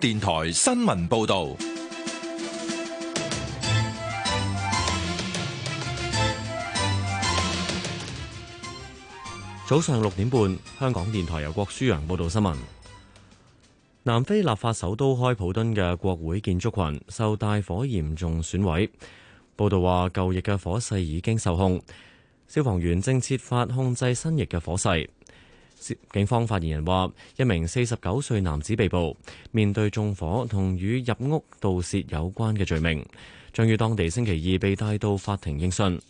電台新聞報道：早上六點半，香港電台由郭舒揚報道新聞。南非立法首都開普敦嘅國會建築群受大火嚴重損毀。報道話，舊翼嘅火勢已經受控，消防員正設法控制新翼嘅火勢。警方發言人話：一名四十九歲男子被捕，面對縱火同與入屋盜竊有關嘅罪名，將於當地星期二被帶到法庭應訊。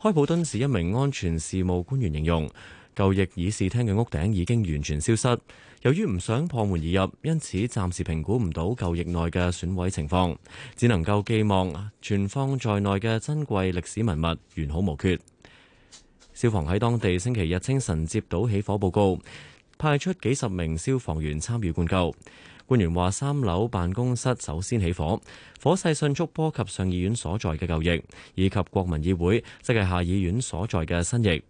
開普敦市一名安全事務官員形容，舊翼議事廳嘅屋頂已經完全消失，由於唔想破門而入，因此暫時評估唔到舊翼內嘅損毀情況，只能夠寄望存放在內嘅珍貴歷史文物完好無缺。消防喺當地星期日清晨接到起火報告，派出幾十名消防員參與灌救。官員話：三樓辦公室首先起火，火勢迅速波及上議院所在嘅舊翼，以及國民議會即係下議院所在嘅新翼。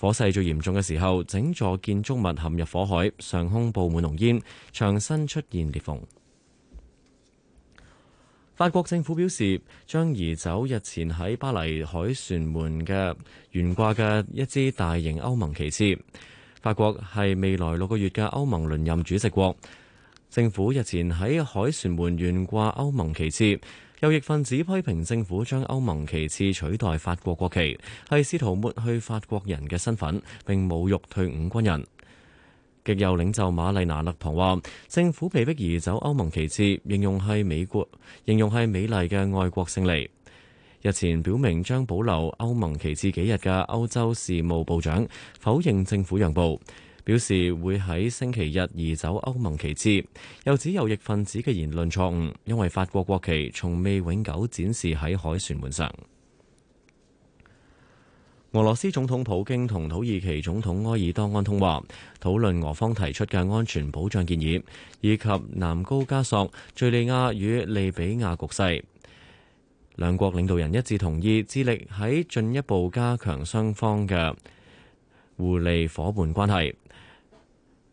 火勢最嚴重嘅時候，整座建築物陷入火海，上空佈滿濃煙，牆身出現裂縫。法國政府表示，將移走日前喺巴黎凱旋門嘅懸掛嘅一支大型歐盟旗幟。法國係未來六個月嘅歐盟輪任主席國，政府日前喺凱旋門懸掛歐盟旗幟，右翼分子批評政府將歐盟旗幟取代法國國旗，係試圖抹去法國人嘅身份，並侮辱退伍軍人。極右領袖瑪麗娜勒龐話，政府被迫移走歐盟旗幟，形容係美國，形容係美麗嘅外國勝利。日前表明將保留歐盟旗幟幾日嘅歐洲事務部長否認政府讓步，表示會喺星期日移走歐盟旗幟。又指右翼分子嘅言論錯誤，因為法國國旗從未永久展示喺凱旋門上。俄羅斯總統普京同土耳其總統埃爾多安通話，討論俄方提出嘅安全保障建議，以及南高加索、敘利亞與利比亞局勢。兩國領導人一致同意致力喺進一步加強雙方嘅互利夥伴關係。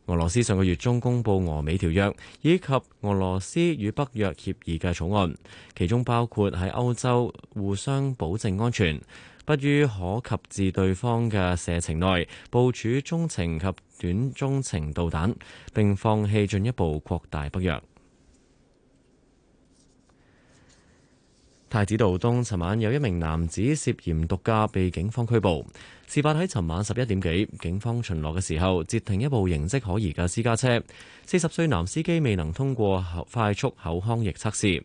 俄羅斯上個月中公布俄美條約，以及俄羅斯與北約協議嘅草案，其中包括喺歐洲互相保證安全，不於可及至對方嘅射程內部署中程及短中程導彈，並放棄進一步擴大北約。太子道東，尋晚有一名男子涉嫌毒駕被警方拘捕。事發喺尋晚十一點幾，警方巡邏嘅時候截停一部形跡可疑嘅私家車，四十歲男司機未能通過快速口腔液測試。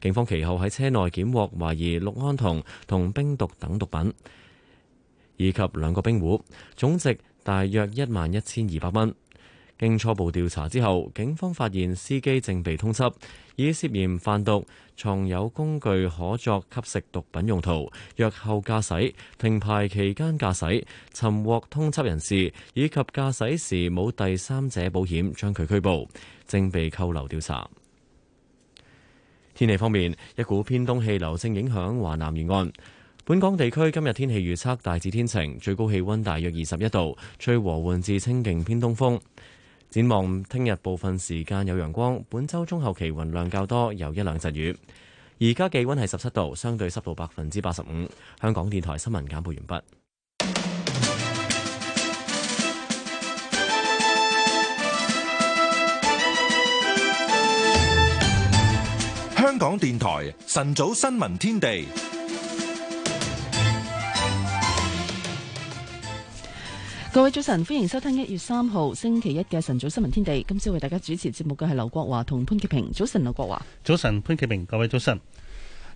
警方其後喺車內檢獲懷疑氯胺酮同冰毒等毒品，以及兩個冰壺，總值大約一萬一千二百蚊。經初步調查之後，警方發現司機正被通緝，以涉嫌販毒、藏有工具可作吸食毒品用途、藥後駕駛、停牌期間駕駛、尋獲通緝人士以及駕駛時冇第三者保險，將佢拘捕，正被扣留調查。天氣方面，一股偏東氣流正影響華南沿岸。本港地區今日天氣預測大致天晴，最高氣溫大約二十一度，吹和緩至清勁偏東風。展望聽日部分時間有陽光，本周中後期雲量較多，有一兩陣雨。而家氣溫係十七度，相對濕度百分之八十五。香港電台新聞簡報完畢。香港電台晨早新聞天地，各位早晨，歡迎收聽一月三號星期一嘅晨早新聞天地。今朝為大家主持節目嘅係劉國華同潘潔平。早晨，劉國華，早晨，潘潔平。各位早晨。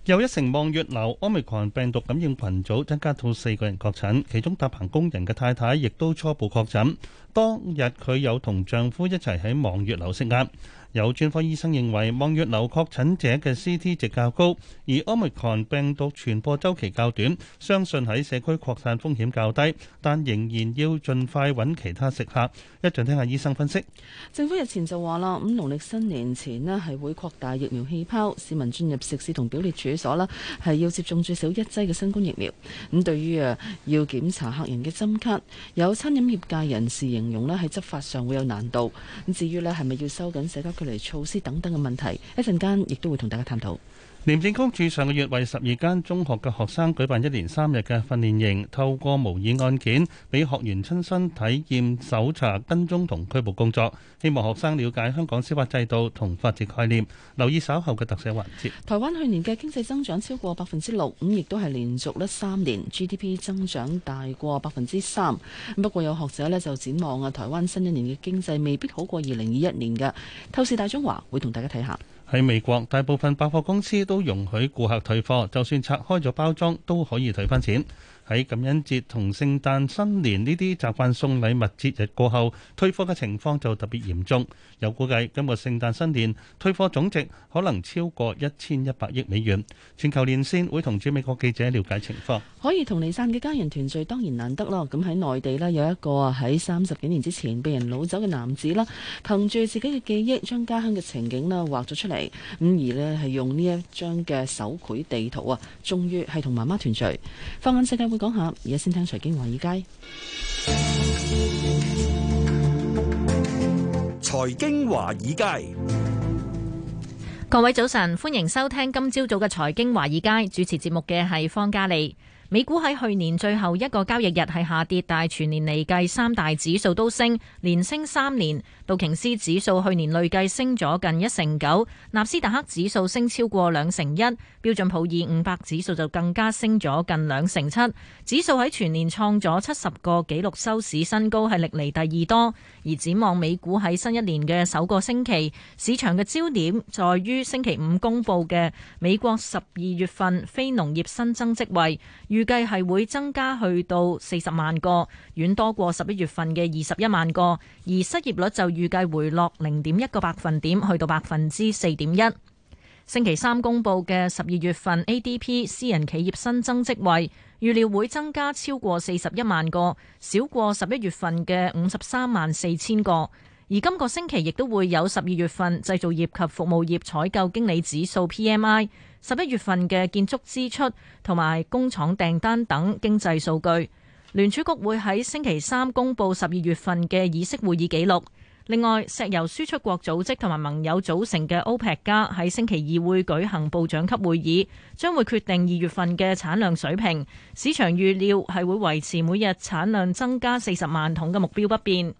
又一城望月樓 Omicron 病毒感染群組增加到四個人確診，其中搭棚工人嘅太太亦都初步確診。當日佢有同丈夫一齊喺望月樓食晏。有專科醫生認為，望月樓確診者嘅 CT 值較高，而 Omicron 病毒傳播週期較短，相信喺社區擴散風險較低，但仍然要盡快揾其他食客。一陣聽下醫生分析。政府日前就話啦，咁農曆新年前呢係會擴大疫苗氣泡，市民進入食肆同表列處所啦，係要接種最少一劑嘅新冠疫苗。咁對於啊要檢查客人嘅針卡，有餐飲業界人士形容呢，喺執法上會有難度。咁至於呢係咪要收緊社交嚟措施等等嘅問題，一陣間亦都會同大家探討。廉政公署上個月為十二間中學嘅學生舉辦一連三日嘅訓練營，透過模擬案件，俾學員親身體驗搜查、跟蹤同拘捕工作，希望學生了解香港司法制度同法治概念，留意稍後嘅特寫環節。台灣去年嘅經濟增長超過百分之六，咁亦都係連續咧三年 GDP 增長大過百分之三。不過有學者呢就展望啊，台灣新一年嘅經濟未必好過二零二一年嘅。透視大中華會同大家睇下。喺美國，大部分百貨公司都容許顧客退貨，就算拆開咗包裝都可以退翻錢。喺感恩節同聖誕新年呢啲習慣送禮物節日過後，退貨嘅情況就特別嚴重。有估計今個聖誕新年退貨總值可能超過一千一百億美元。全球連線會同駐美國記者了解情況。可以同離散嘅家人團聚當然難得啦。咁喺內地咧有一個喺三十幾年之前被人擄走嘅男子啦，憑住自己嘅記憶將家鄉嘅情景啦畫咗出嚟。咁而咧係用呢一張嘅手繪地圖啊，終於係同媽媽團聚。放眼世界。講下，而家先聽財經華爾街。財經華爾街，各位早晨，歡迎收聽今朝早嘅財經華爾街。主持節目嘅係方嘉莉。美股喺去年最後一個交易日係下跌，但係全年嚟計三大指數都升，連升三年。道瓊斯指數去年累計升咗近一成九，納斯達克指數升超過兩成一，標準普爾五百指數就更加升咗近兩成七。指數喺全年創咗七十個紀錄收市新高，係歷嚟第二多。而展望美股喺新一年嘅首個星期，市場嘅焦點在於星期五公布嘅美國十二月份非農業新增職位，預計係會增加去到四十萬個，遠多過十一月份嘅二十一萬個，而失業率就。預計回落零點一個百分點，去到百分之四點一。星期三公布嘅十二月份 ADP 私人企業新增職位，預料會增加超過四十一萬個，少過十一月份嘅五十三萬四千個。而今個星期亦都會有十二月份製造業及服務業採購經理指數 PMI、十一月份嘅建築支出同埋工廠訂單等經濟數據。聯儲局會喺星期三公布十二月份嘅議息會議記錄。另外，石油輸出國組織同埋盟友組成嘅 OPEC 加喺星期二會舉行部長級會議，將會決定二月份嘅產量水平。市場預料係會維持每日產量增加四十萬桶嘅目標不變。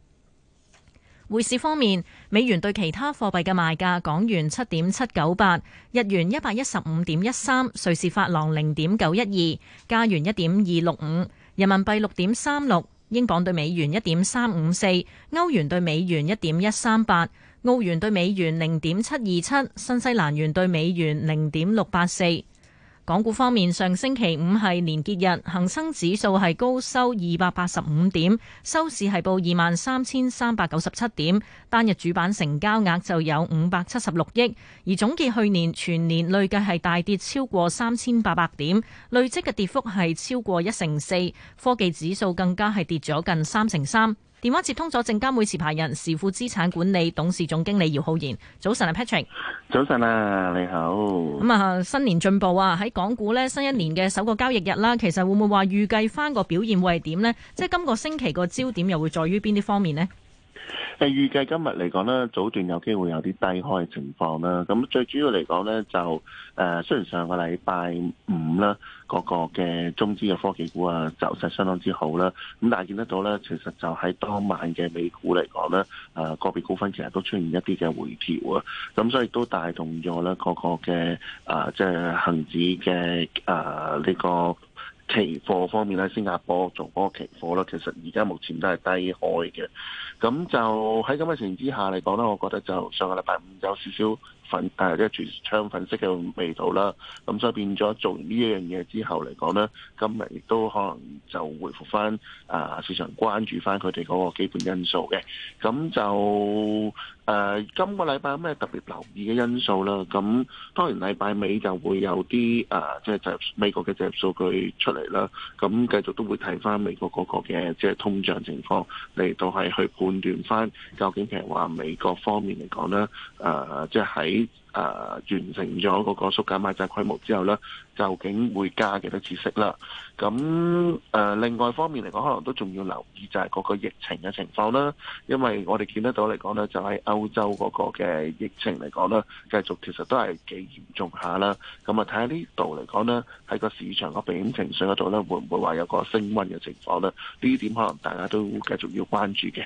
匯市方面，美元對其他貨幣嘅賣價：港元七點七九八，日元一百一十五點一三，瑞士法郎零點九一二，加元一點二六五，人民幣六點三六。英鎊兌美元一點三五四，歐元兌美元一點一三八，澳元兌美元零點七二七，新西蘭元兌美元零點六八四。港股方面，上星期五係年結日，恒生指數係高收二百八十五點，收市係報二萬三千三百九十七點，單日主板成交額就有五百七十六億，而總結去年全年累計係大跌超過三千八百點累積嘅跌幅係超過一成四，科技指數更加係跌咗近三成三。電話接通咗，證監會持牌人士、時富資產管理董事總經理姚浩然。早晨啊，Patrick。早晨啊，你好。咁啊，新年進步啊！喺港股咧，新一年嘅首個交易日啦，其實會唔會話預計翻個表現會係點呢？即係今個星期個焦點又會在於邊啲方面呢？誒，預計今日嚟講咧，早段有機會有啲低開嘅情況啦。咁最主要嚟講咧，就誒，雖然上個禮拜五啦，嗰個嘅中資嘅科技股啊，走勢相當之好啦。咁但係見得到咧，其實就喺當晚嘅美股嚟講咧，誒，個別股份其實都出現一啲嘅回調啊。咁所以都帶動咗咧，個個嘅誒，即係恒指嘅誒呢個。期貨方面喺新加坡做嗰個期貨啦，其實而家目前都係低開嘅，咁就喺咁嘅情形之下嚟講咧，我覺得就上個禮拜五有少少粉誒，即係住槍粉色嘅味道啦，咁所以變咗做完呢一樣嘢之後嚟講咧，今日亦都可能就回覆翻啊，市場關注翻佢哋嗰個基本因素嘅，咁就。誒、呃，今個禮拜有咩特別留意嘅因素咧？咁當然禮拜尾就會有啲誒、呃，即係就美國嘅就業數據出嚟啦。咁繼續都會睇翻美國嗰個嘅即係通脹情況嚟到係去判斷翻，究竟譬如話美國方面嚟講咧，誒、呃，即係喺。誒、呃、完成咗嗰個縮減買債規模之後呢，究竟會加幾多次息啦？咁誒、呃、另外方面嚟講，可能都仲要留意就係嗰個疫情嘅情況啦。因為我哋見得到嚟講呢，就喺歐洲嗰個嘅疫情嚟講呢，繼續其實都係幾嚴重下啦。咁啊，睇下呢度嚟講呢，喺個市場個避險情緒嗰度呢，會唔會話有個升溫嘅情況呢？呢點可能大家都繼續要關注嘅。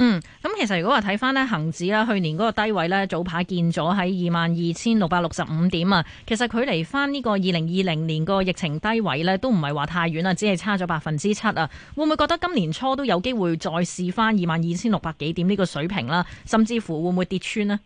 嗯，咁其實如果話睇翻呢恒指啦，去年嗰個低位呢，早排見咗喺二萬二千六百六十五點啊。其實距離翻呢個二零二零年個疫情低位呢，都唔係話太遠啊，只係差咗百分之七啊。會唔會覺得今年初都有機會再試翻二萬二千六百幾點呢個水平啦？甚至乎會唔會跌穿呢？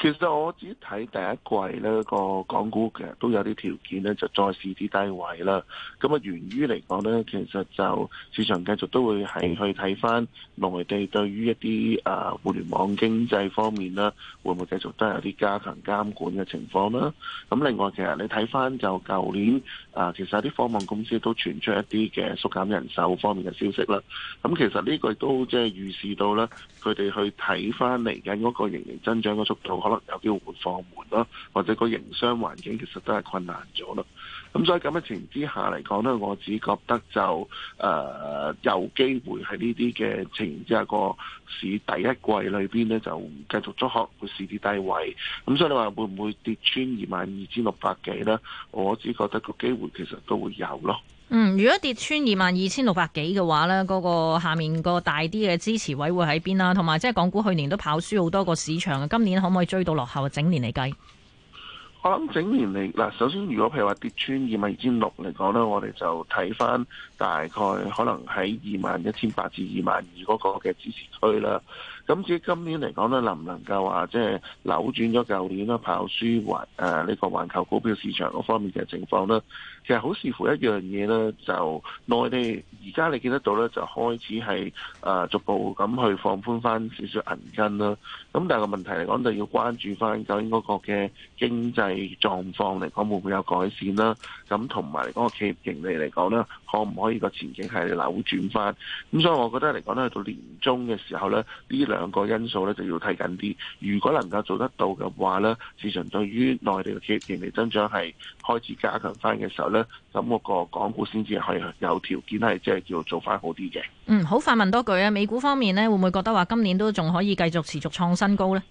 其實我只睇第一季呢個港股其實都有啲條件呢就再試啲低位啦。咁啊，源於嚟講呢，其實就市場繼續都會係去睇翻內地對於一啲誒互聯網經濟方面啦，會唔會繼續都有啲加強監管嘅情況啦？咁另外其實你睇翻就舊年啊，其實有啲科網公司都傳出一啲嘅縮減人手方面嘅消息啦。咁其實呢個都即係預示到啦，佢哋去睇翻嚟緊嗰個營，營增長嘅速度。有機會會放緩咯，或者個營商環境其實都係困難咗咯。咁所以咁嘅情之下嚟講咧，我只覺得就誒、呃、有機會喺呢啲嘅情之下，個市第一季裏邊咧，就繼續足可佢市跌低位。咁所以你話會唔會跌穿二萬二千六百幾咧？我只覺得個機會其實都會有咯。嗯，如果跌穿二萬二千六百幾嘅話呢，嗰、嗰個下面個大啲嘅支持位會喺邊啦？同埋即係港股去年都跑輸好多個市場啊，今年可唔可以追到落後？整年嚟計，我諗整年嚟嗱，首先如果譬如話跌穿二萬二千六嚟講呢，我哋就睇翻，大概可能喺二萬一千八至二萬二嗰個嘅支持區啦。咁至於今年嚟講呢，能唔能夠話即係扭轉咗舊年啦，跑輸、呃這個、環誒呢個環球股票市場嗰方面嘅情況呢？其實好視乎一樣嘢呢，就內地而家你見得到呢，就開始係誒、呃、逐步咁去放寬翻少少銀根啦。咁但係個問題嚟講，就要關注翻究竟嗰個嘅經濟狀況嚟講會唔會有改善啦？咁同埋嗰個企業盈利嚟講呢，可唔可以個前景係扭轉翻？咁所以我覺得嚟講呢，去到年中嘅時候呢呢兩兩個因素咧，就要睇緊啲，如果能夠做得到嘅話呢，市場對於內地嘅企業盈利增長係開始加強翻嘅時候呢，咁嗰個港股先至係有條件係即係叫做做翻好啲嘅。嗯，好快問多句啊，美股方面呢，會唔會覺得話今年都仲可以繼續持續創新高呢？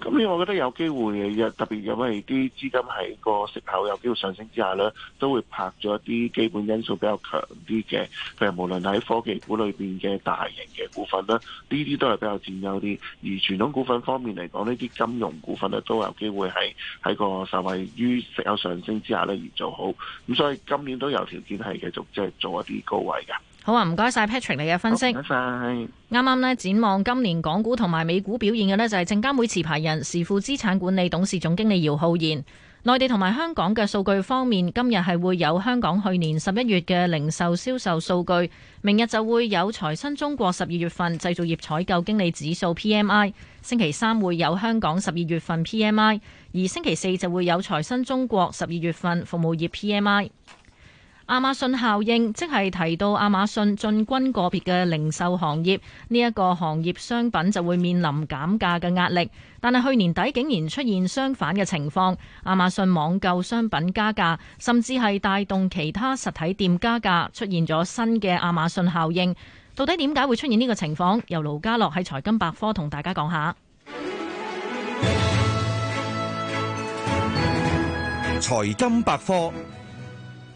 咁呢，我覺得有機會，特別因為啲資金喺個息口有機會上升之下呢，都會拍咗一啲基本因素比較強啲嘅，譬如無論喺科技股裏面嘅大型嘅股份咧，呢啲都係比較佔優啲。而傳統股份方面嚟講，呢啲金融股份呢都有機會喺喺個受惠於息口上升之下呢而做好。咁所以今年都有條件係繼續即係做一啲高位嘅。好啊，唔該晒 Patrick 你嘅分析。唔該晒。啱啱呢，展望今年港股同埋美股表現嘅呢，就係證監會持牌人、時富資產管理董事總經理姚浩然。內地同埋香港嘅數據方面，今日係會有香港去年十一月嘅零售銷售數據，明日就會有財新中國十二月份製造業採購經理指數 PMI，星期三會有香港十二月份 PMI，而星期四就會有財新中國十二月份服務業 PMI。亞馬遜效應，即係提到亞馬遜進軍個別嘅零售行業，呢一個行業商品就會面臨減價嘅壓力。但係去年底竟然出現相反嘅情況，亞馬遜網購商品加價，甚至係帶動其他實體店加價，出現咗新嘅亞馬遜效應。到底點解會出現呢個情況？由盧家樂喺財金百科同大家講下。財金百科。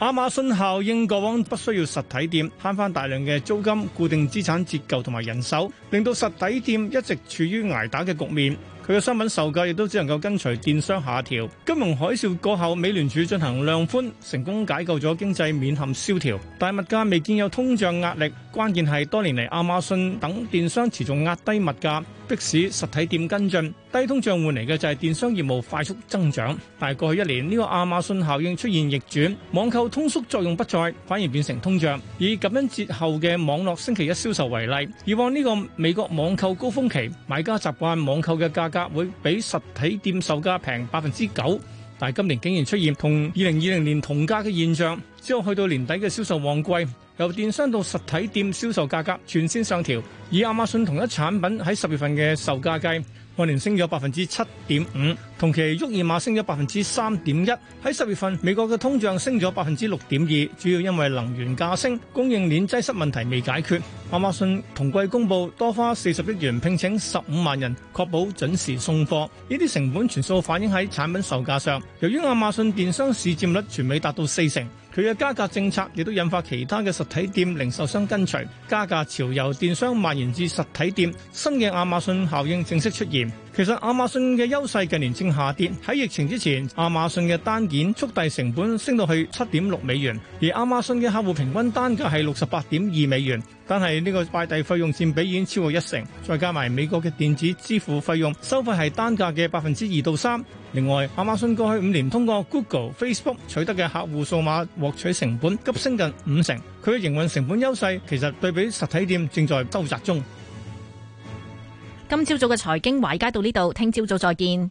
亞馬遜效應過往不需要實體店，慳翻大量嘅租金、固定資產折舊同埋人手，令到實體店一直處於挨打嘅局面。佢嘅商品售價亦都只能夠跟隨電商下調。金融海嘯過後，美聯儲進行量寬，成功解救咗經濟免陷蕭條。但物價未見有通脹壓力，關鍵係多年嚟亞馬遜等電商持續壓低物價。迫使實體店跟進，低通脹換嚟嘅就係電商業務快速增長。但係過去一年呢個亞馬遜效應出現逆轉，網購通縮作用不再，反而變成通脹。以感恩節後嘅網絡星期一銷售為例，以往呢個美國網購高峰期，買家習慣網購嘅價格會比實體店售價平百分之九，但係今年竟然出現同二零二零年同價嘅現象，之後去到年底嘅銷售旺季。由電商到實體店銷售價格全線上調，以亞馬遜同一產品喺十月份嘅售價計，按年升咗百分之七點五，同期沃爾瑪升咗百分之三點一。喺十月份美國嘅通脹升咗百分之六點二，主要因為能源價升，供應鏈擠塞問題未解決。亞馬遜同季公佈多花四十億元聘請十五萬人，確保準時送貨。呢啲成本全數反映喺產品售價上。由於亞馬遜電商市佔率全美達到四成。佢嘅加價政策亦都引發其他嘅實體店零售商跟隨加價潮，由電商蔓延至實體店，新嘅亞馬遜效應正式出現。其實亞馬遜嘅優勢近年正下跌。喺疫情之前，亞馬遜嘅單件速遞成本升到去七點六美元，而亞馬遜嘅客戶平均單價係六十八點二美元。但係呢個快遞費用佔比已經超過一成，再加埋美國嘅電子支付費用，收費係單價嘅百分之二到三。另外，亞馬遜過去五年通過 Google、Facebook 取得嘅客戶數碼獲取成本急升近五成。佢嘅營運成本優勢其實對比實體店正在收窄中。今朝早嘅財經華爾街到呢度，聽朝早再見。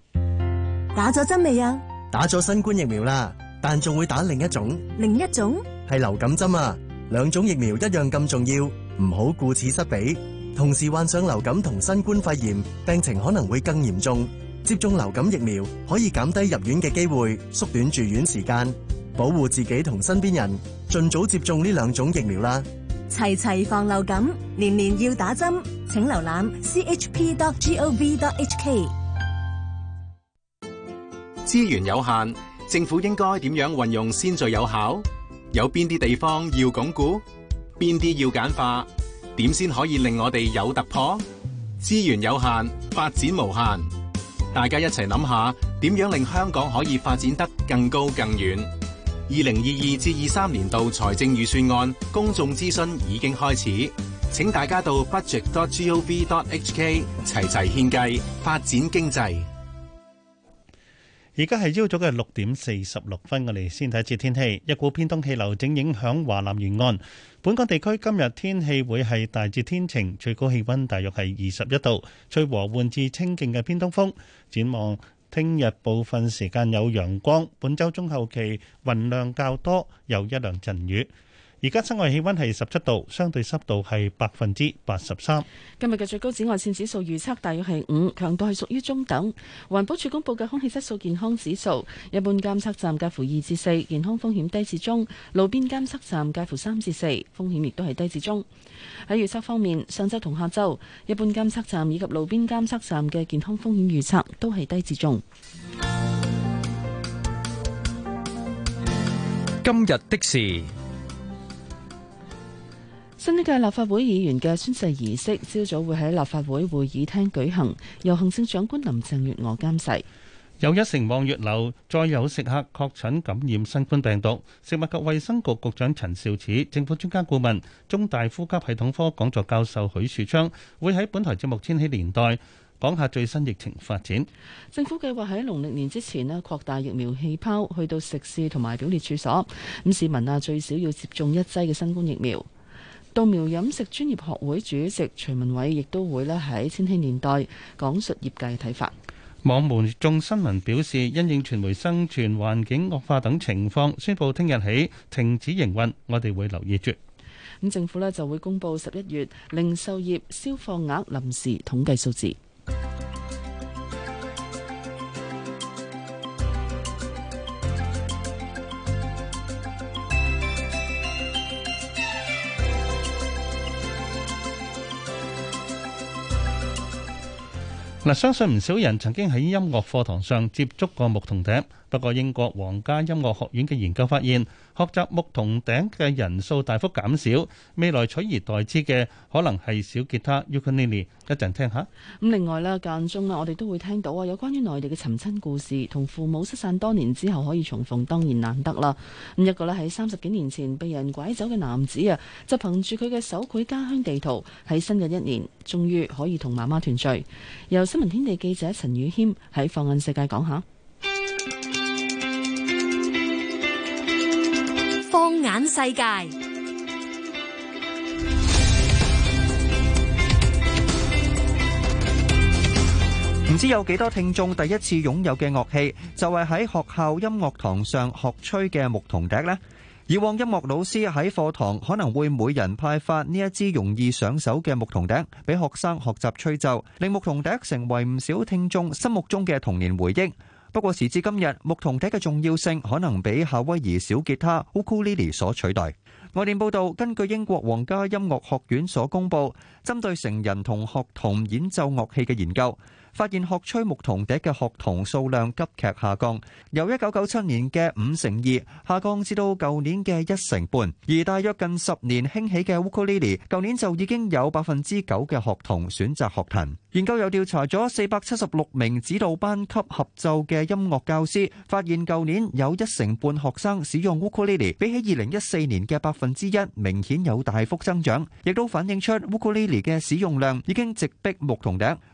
打咗針未啊？打咗新冠疫苗啦，但仲會打另一種。另一種？係流感針啊！兩種疫苗一樣咁重要，唔好顧此失彼。同時患上流感同新冠肺炎，病情可能會更嚴重。接種流感疫苗可以減低入院嘅機會，縮短住院時間，保護自己同身邊人。盡早接種呢兩種疫苗啦。齊齊防流感，年年要打針，請瀏覽 chp.gov.hk。資源有限，政府應該點樣運用先最有效？有邊啲地方要鞏固？邊啲要簡化？點先可以令我哋有突破？資源有限，發展無限，大家一齊諗下，點樣令香港可以發展得更高更遠？二零二二至二三年度財政預算案公眾諮詢已經開始，請大家到 budget.gov.hk 齊齊獻計發展經濟。而家係朝早嘅六點四十六分，我哋先睇一次天氣。一股偏東氣流正影響華南沿岸，本港地區今日天氣會係大致天晴，最高氣溫大約係二十一度，隨和緩至清勁嘅偏東風。展望。聽日部分時間有陽光，本週中後期雲量較多，有一兩陣雨。而家室外氣溫係十七度，相對濕度係百分之八十三。今日嘅最高紫外線指數預測大約係五，強度係屬於中等。環保署公佈嘅空氣質素健康指數，一般監測站介乎二至四，健康風險低至中；路邊監測站介乎三至四，風險亦都係低至中。喺預測方面，上週同下週，一般監測站以及路邊監測站嘅健康風險預測都係低至中。今日的事。新一屆立法會議員嘅宣誓儀式，朝早會喺立法會會議廳舉行，由行政長官林鄭月娥監誓。又一城望月樓再有食客確診感染新冠病毒，食物及衛生局局長陳肇始、政府專家顧問、中大呼吸系統科講座教授許樹昌會喺本台節目《千禧年代》講下最新疫情發展。政府計劃喺農曆年之前咧擴大疫苗氣泡，去到食肆同埋表列處所咁，市民啊最少要接種一劑嘅新冠疫苗。稻苗飲食專業學會主席徐文偉亦都會咧喺千禧年代講述業界嘅睇法。網媒眾新聞表示，因應傳媒生存環境惡化等情況，宣佈聽日起停止營運。我哋會留意住。咁政府咧就會公布十一月零售業銷貨額臨時統計數字。嗱，相信唔少人曾經喺音樂課堂上接觸過牧童笛。不過英國皇家音樂學院嘅研究發現，學習牧童笛嘅人數大幅減少，未來取而代之嘅可能係小吉他、ukulele。一陣聽下。咁另外咧間中啦，我哋都會聽到啊，有關於內地嘅尋親故事，同父母失散多年之後可以重逢，當然難得啦。咁一個咧喺三十幾年前被人拐走嘅男子啊，就憑住佢嘅手繪家鄉地圖，喺新嘅一年終於可以同媽媽團聚。由新聞天地記者陳宇謙喺放眼世界講下。放眼世界，唔知有幾多聽眾第一次擁有嘅樂器就係喺學校音樂堂上學吹嘅牧童笛咧。以往音樂老師喺課堂可能會每人派發呢一支容易上手嘅牧童笛，俾學生學習吹奏，令牧童笛成為唔少聽眾心目中嘅童年回憶。不過時至今日，牧童笛嘅重要性可能被夏威夷小吉他 ukulele 所取代。外電報導，根據英國皇家音樂學院所公佈針對成人同學童演奏樂器嘅研究，發現學吹牧童笛嘅學童數量急劇下降，由一九九七年嘅五成二下降至到舊年嘅一成半，而大約近十年興起嘅 w u 烏克麗麗，舊年就已經有百分之九嘅學童選擇學琴。研究又調查咗四百七十六名指導班級合奏嘅音樂教師，發現舊年有一成半學生使用 w 烏克麗麗，比起二零一四年嘅百分之一，明顯有大幅增長，亦都反映出 w 烏克麗麗嘅使用量已經直逼牧童笛。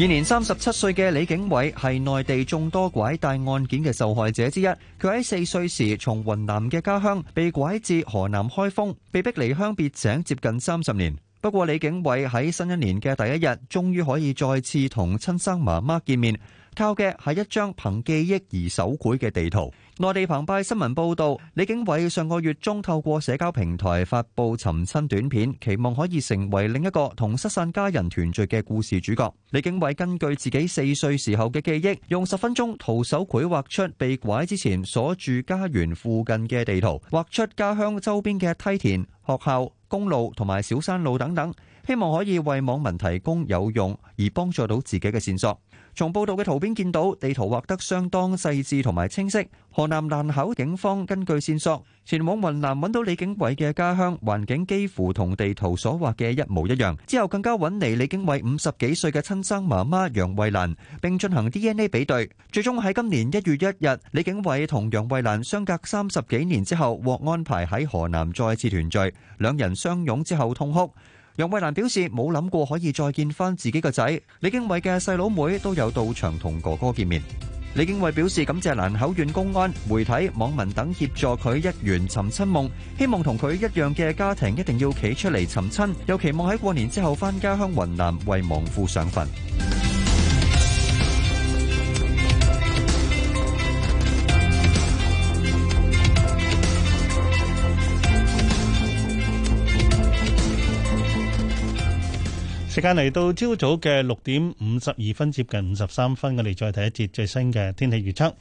現年三十七歲嘅李景偉係內地眾多拐帶案件嘅受害者之一。佢喺四歲時從雲南嘅家鄉被拐至河南開封，被逼離鄉別井接近三十年。不過李景偉喺新一年嘅第一日，終於可以再次同親生媽媽見面。靠嘅係一張憑記憶而手繪嘅地圖。內地澎湃新聞報道，李景偉上個月中透過社交平台發佈尋親短片，期望可以成為另一個同失散家人團聚嘅故事主角。李景偉根據自己四歲時候嘅記憶，用十分鐘徒手繪畫出被拐之前所住家園附近嘅地圖，畫出家鄉周邊嘅梯田、學校、公路同埋小山路等等，希望可以為網民提供有用而幫助到自己嘅線索。從報道嘅圖片見到，地圖畫得相當細緻同埋清晰。河南蘭考警方根據線索前往雲南揾到李景偉嘅家鄉，環境幾乎同地圖所畫嘅一模一樣。之後更加揾嚟李景偉五十幾歲嘅親生媽媽楊慧蘭，並進行 DNA 比對。最終喺今年一月一日，李景偉同楊慧蘭相隔三十幾年之後獲安排喺河南再次團聚，兩人相擁之後痛哭。楊慧蘭表示冇諗過可以再見翻自己個仔，李敬偉嘅細佬妹都有到場同哥哥見面。李敬偉表示感謝蘭考縣公安、媒體、網民等協助佢一圓尋親夢，希望同佢一樣嘅家庭一定要企出嚟尋親，又期望喺過年之後翻家鄉雲南為亡父上墳。時間嚟到朝早嘅六點五十二分，接近五十三分，我哋再睇一節最新嘅天氣預測。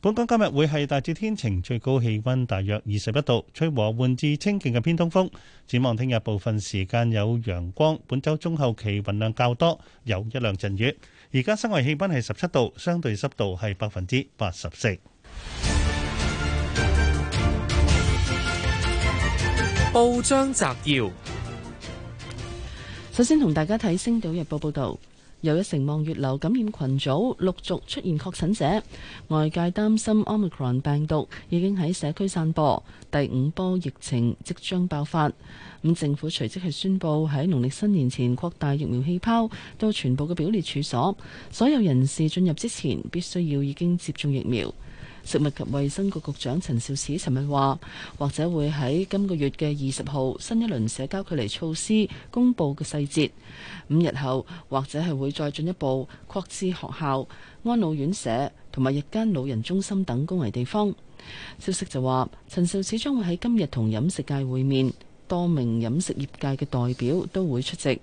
本港今日會係大致天晴，最高氣溫大約二十一度，吹和緩至清勁嘅偏東風。展望聽日部分時間有陽光，本周中後期雲量較多，有一兩陣雨。而家室外氣溫係十七度，相對濕度係百分之八十四。報章摘要。首先同大家睇《星島日報》報道，又一城望月樓感染群組陸續出現確診者，外界擔心 Omicron 病毒已經喺社區散播，第五波疫情即將爆發。咁政府隨即係宣布喺農曆新年前擴大疫苗氣泡到全部嘅表列處所，所有人士進入之前必須要已經接種疫苗。食物及衛生局局長陳肇始尋日話，或者會喺今個月嘅二十號新一輪社交距離措施公佈嘅細節。五日後，或者係會再進一步擴至學校、安老院舍同埋日間老人中心等公衞地方。消息就話，陳肇始將會喺今日同飲食界會面，多名飲食業界嘅代表都會出席。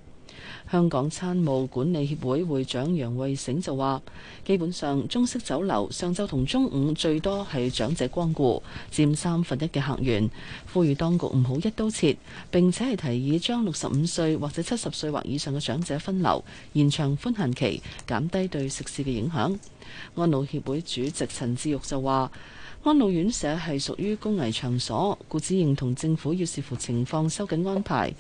香港餐務管理協會會長楊慧醒就話，基本上中式酒樓上晝同中午最多係長者光顧占三分一嘅客源，呼籲當局唔好一刀切，並且係提議將六十五歲或者七十歲或以上嘅長者分流，延長寬限期，減低對食肆嘅影響。安老協會主席陳志玉就話。安老院舍係屬於高危場所，故此認同政府要視乎情況收緊安排。咁、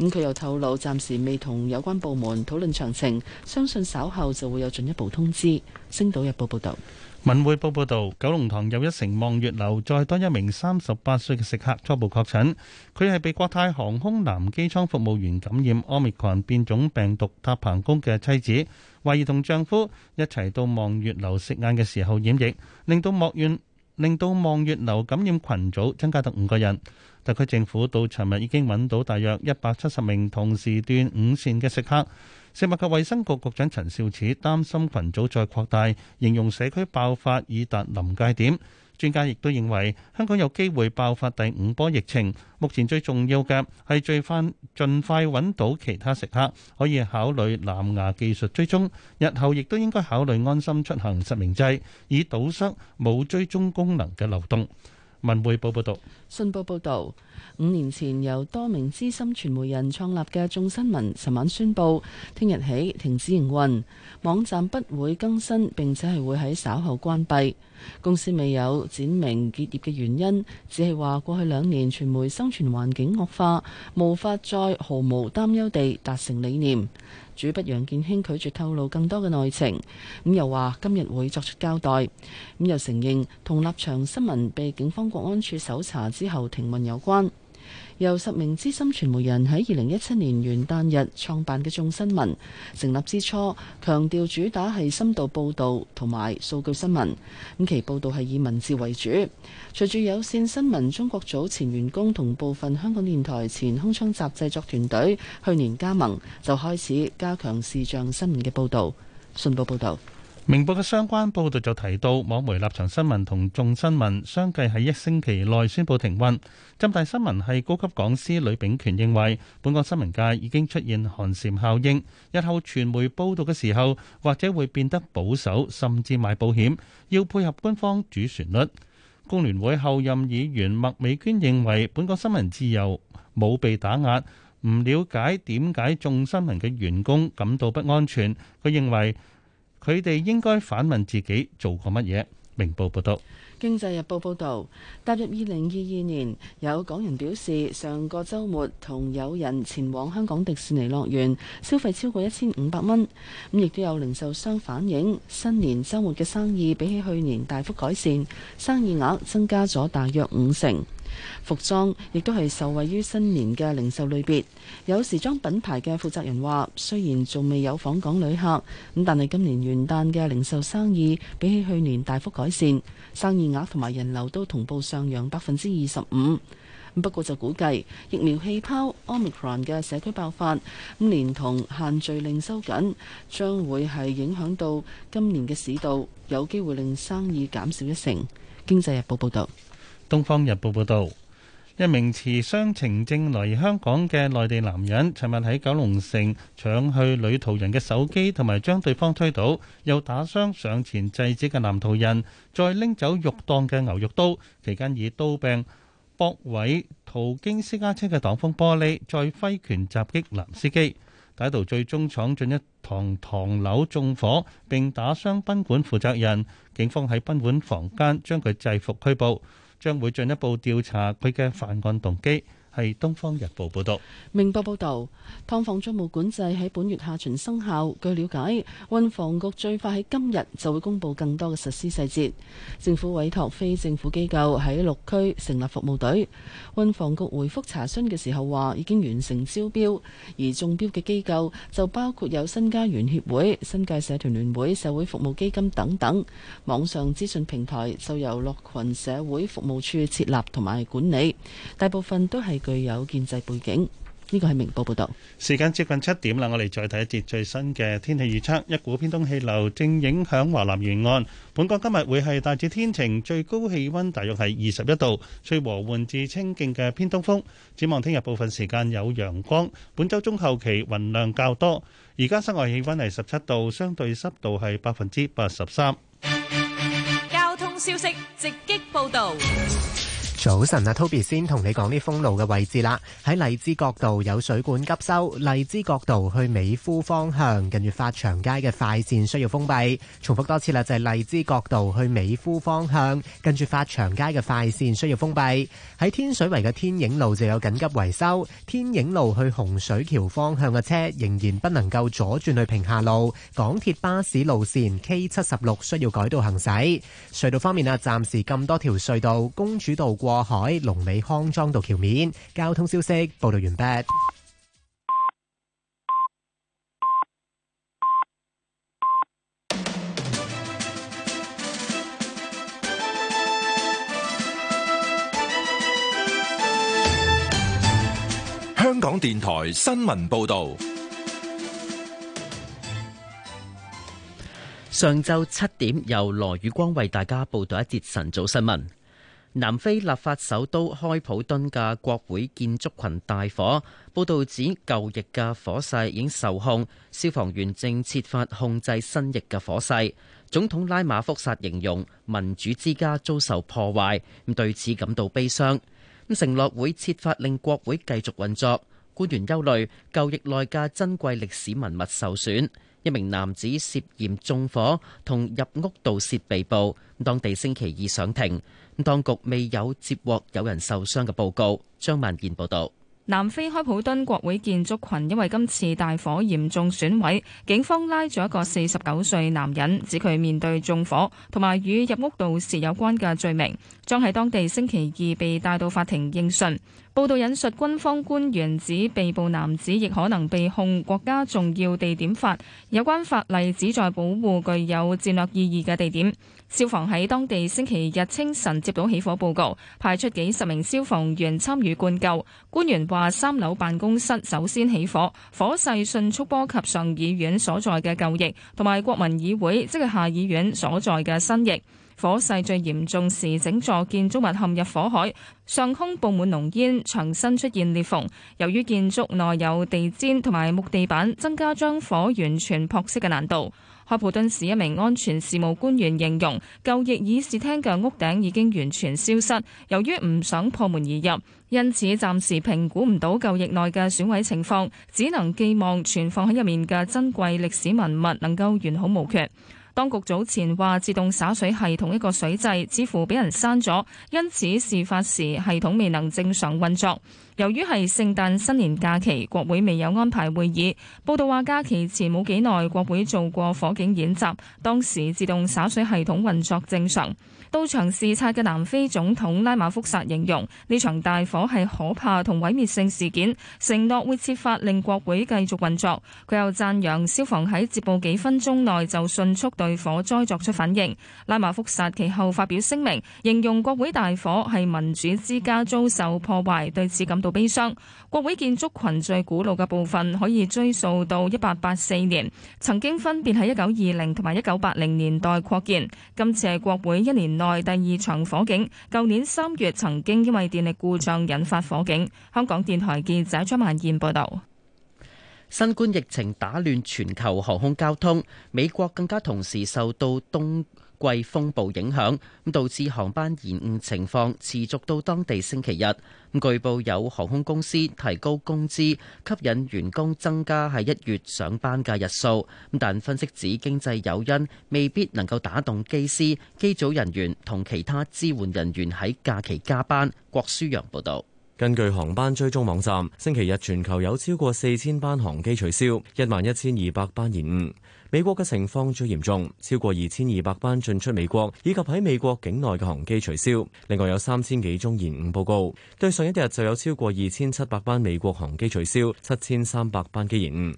嗯、佢又透露，暫時未同有關部門討論詳情，相信稍後就會有進一步通知。星島日報報道，文匯報報道，九龍塘又一城望月樓再多一名三十八歲嘅食客初步確診，佢係被國泰航空男機艙服務員感染奧密克戎變種病毒搭棚工嘅妻子，懷疑同丈夫一齊到望月樓食晏嘅時候染疫，令到莫怨。令到望月樓感染群組增加到五個人，特區政府到尋日已經揾到大約一百七十名同時段五綫嘅食客。食物及衛生局局長陳肇始擔心群組再擴大，形容社區爆發已達臨界點。專家亦都認為，香港有機會爆發第五波疫情。目前最重要嘅係最快，盡快揾到其他食客，可以考慮藍牙技術追蹤。日後亦都應該考慮安心出行實名制，以堵塞冇追蹤功能嘅漏洞。文匯報報道，信報報道，五年前由多名資深傳媒人創立嘅眾新聞，尋晚宣布，聽日起停止營運，網站不會更新，並且係會喺稍後關閉。公司未有展明結業嘅原因，只係話過去兩年傳媒生存環境惡化，無法再毫無擔憂地達成理念。主筆楊建興拒絕透露更多嘅內情，咁又話今日會作出交代，咁又承認同立場新聞被警方國安處搜查之後停運有關。由十名資深傳媒人喺二零一七年元旦日創辦嘅眾新聞，成立之初強調主打係深度報道同埋數據新聞，咁其報道係以文字為主。隨住有綫新聞中國組前員工同部分香港電台前鏗鏘集製作團隊去年加盟，就開始加強視像新聞嘅報道。信報報道。明報嘅相關報導就提到，網媒立場新聞同眾新聞相繼喺一星期內宣布停運。浸大新聞系高級講師呂秉權認為，本港新聞界已經出現寒蟬效應，日後傳媒報導嘅時候，或者會變得保守，甚至買保險，要配合官方主旋律。工聯會候任議員麥美娟認為，本港新聞自由冇被打壓，唔了解點解眾新聞嘅員工感到不安全。佢認為。佢哋應該反問自己做過乜嘢？明報報道，經濟日報報道，踏入二零二二年，有港人表示上個週末同友人前往香港迪士尼樂園消費超過一千五百蚊。咁亦都有零售商反映，新年週末嘅生意比起去年大幅改善，生意額增加咗大約五成。服裝亦都係受惠於新年嘅零售類別，有時裝品牌嘅負責人話：雖然仲未有訪港旅客，咁但係今年元旦嘅零售生意比起去年大幅改善，生意額同埋人流都同步上揚百分之二十五。不過就估計疫苗氣泡 Omicron 嘅社區爆發，咁連同限聚令收緊，將會係影響到今年嘅市道，有機會令生意減少一成。經濟日報報導。《東方日報》報道，一名持雙程證嚟香港嘅內地男人，尋日喺九龍城搶去女途人嘅手機同埋將對方推倒，又打傷上前制止嘅男途人，再拎走肉檔嘅牛肉刀。期間以刀柄駁毀途經私家車嘅擋風玻璃，再揮拳襲擊男司機，歹徒最終闖進一堂唐樓縱火，並打傷賓館負責人。警方喺賓館房間將佢制服拘捕。將會進一步調查佢嘅犯案動機。係《東方日報》報道，明報報道，劏房租務管制喺本月下旬生效。據了解，運房局最快喺今日就會公佈更多嘅實施細節。政府委託非政府機構喺六區成立服務隊。運房局回覆查詢嘅時候話，已經完成招標，而中標嘅機構就包括有新家園協會、新界社團聯會、社會服務基金等等。網上資訊平台就由樂群社會服務處設立同埋管理，大部分都係。具有建制背景，呢個係明報報道。時間接近七點啦，我哋再睇一節最新嘅天氣預測。一股偏東氣流正影響華南沿岸，本港今日會係大致天晴，最高氣溫大約係二十一度，吹和緩至清勁嘅偏東風。展望聽日部分時間有陽光，本周中後期雲量較多。而家室外氣溫係十七度，相對濕度係百分之八十三。交通消息直擊報道。早晨啊，Toby 先同你講啲封路嘅位置啦。喺荔枝角道有水管急修，荔枝角道去美孚方向近住發祥街嘅快綫需要封閉。重複多次啦，就係、是、荔枝角道去美孚方向近住發祥街嘅快綫需要封閉。喺天水圍嘅天影路就有緊急維修，天影路去洪水橋方向嘅車仍然不能夠左轉去平下路。港鐵巴士路綫 K 七十六需要改道行駛。隧道方面啊，暫時咁多條隧道公主道過。過海龍尾康莊道橋面交通消息報道完畢。香港電台新聞報道。上晝七點，由羅宇光為大家報道一節晨早新聞。南非立法首都開普敦嘅國會建築群大火，報道指舊翼嘅火勢已經受控，消防員正設法控制新翼嘅火勢。總統拉馬福薩形容民主之家遭受破壞，咁對此感到悲傷，咁承諾會設法令國會繼續運作。官員憂慮舊翼內嘅珍貴歷史文物受損。一名男子涉嫌縱火同入屋盜竊被捕，咁當地星期二上庭。咁，當局未有接獲有人受傷嘅報告。張萬健報道，南非開普敦國會建築群因為今次大火嚴重損毀，警方拉咗一個四十九歲男人，指佢面對縱火同埋與入屋盜竊有關嘅罪名，將喺當地星期二被帶到法庭應訊。報導引述軍方官員指，被捕男子亦可能被控國家重要地點法，有關法例旨在保護具有戰略意義嘅地點。消防喺當地星期日清晨接到起火報告，派出幾十名消防員參與灌救。官員話：三樓辦公室首先起火，火勢迅速波及上議院所在嘅舊翼，同埋國民議會即係下議院所在嘅新翼。火勢最嚴重時，整座建築物陷入火海，上空布滿濃煙，牆身出現裂縫。由於建築內有地氈同埋木地板，增加將火完全撲熄嘅難度。開普敦市一名安全事務官員形容舊翼議事廳嘅屋頂已經完全消失，由於唔想破門而入，因此暫時評估唔到舊翼內嘅損毀情況，只能寄望存放喺入面嘅珍貴歷史文物能夠完好無缺。當局早前話自動灑水系統一個水掣似乎俾人刪咗，因此事發時系統未能正常運作。由於係聖誕新年假期，國會未有安排會議。報道話假期前冇幾耐，國會做過火警演習，當時自動灑水系統運作正常。到場視察嘅南非總統拉馬福薩形容呢場大火係可怕同毀滅性事件，承諾會設法令國會繼續運作。佢又讚揚消防喺接報幾分鐘內就迅速對火災作出反應。拉馬福薩其後發表聲明，形容國會大火係民主之家遭受破壞，對此感到悲傷，國會建築群最古老嘅部分可以追溯到一八八四年，曾經分別喺一九二零同埋一九八零年代擴建。今次係國會一年內第二場火警，舊年三月曾經因為電力故障引發火警。香港電台記者張曼燕報道。新冠疫情打亂全球航空交通，美國更加同時受到東季風暴影響，咁導致航班延誤情況持續到當地星期日。咁據報有航空公司提高工資，吸引員工增加喺一月上班嘅日數。但分析指經濟誘因未必能夠打動機師、機組人員同其他支援人員喺假期加班。郭舒揚報導。根據航班追蹤網站，星期日全球有超過四千班航機取消，一萬一千二百班延誤。美國嘅情況最嚴重，超過二千二百班進出美國以及喺美國境內嘅航機取消。另外有三千幾宗延誤報告。對上一日就有超過二千七百班美國航機取消，七千三百班機延誤。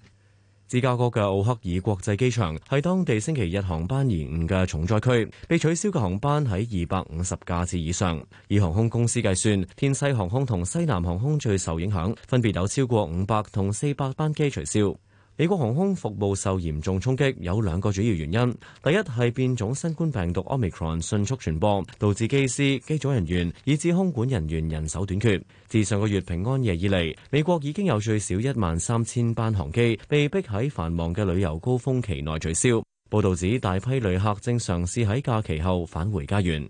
芝加哥嘅奧克爾國際機場係當地星期日航班延誤嘅重災區，被取消嘅航班喺二百五十架次以上。以航空公司計算，天西航空同西南航空最受影響，分別有超過五百同四百班機取消。美國航空服務受嚴重衝擊，有兩個主要原因。第一係變種新冠病毒 Omicron 迅速傳播，導致機師、機組人員以至空管人員人手短缺。自上個月平安夜以嚟，美國已經有最少一萬三千班航機被逼喺繁忙嘅旅遊高峰期內取消。報道指，大批旅客正嘗試喺假期後返回家園。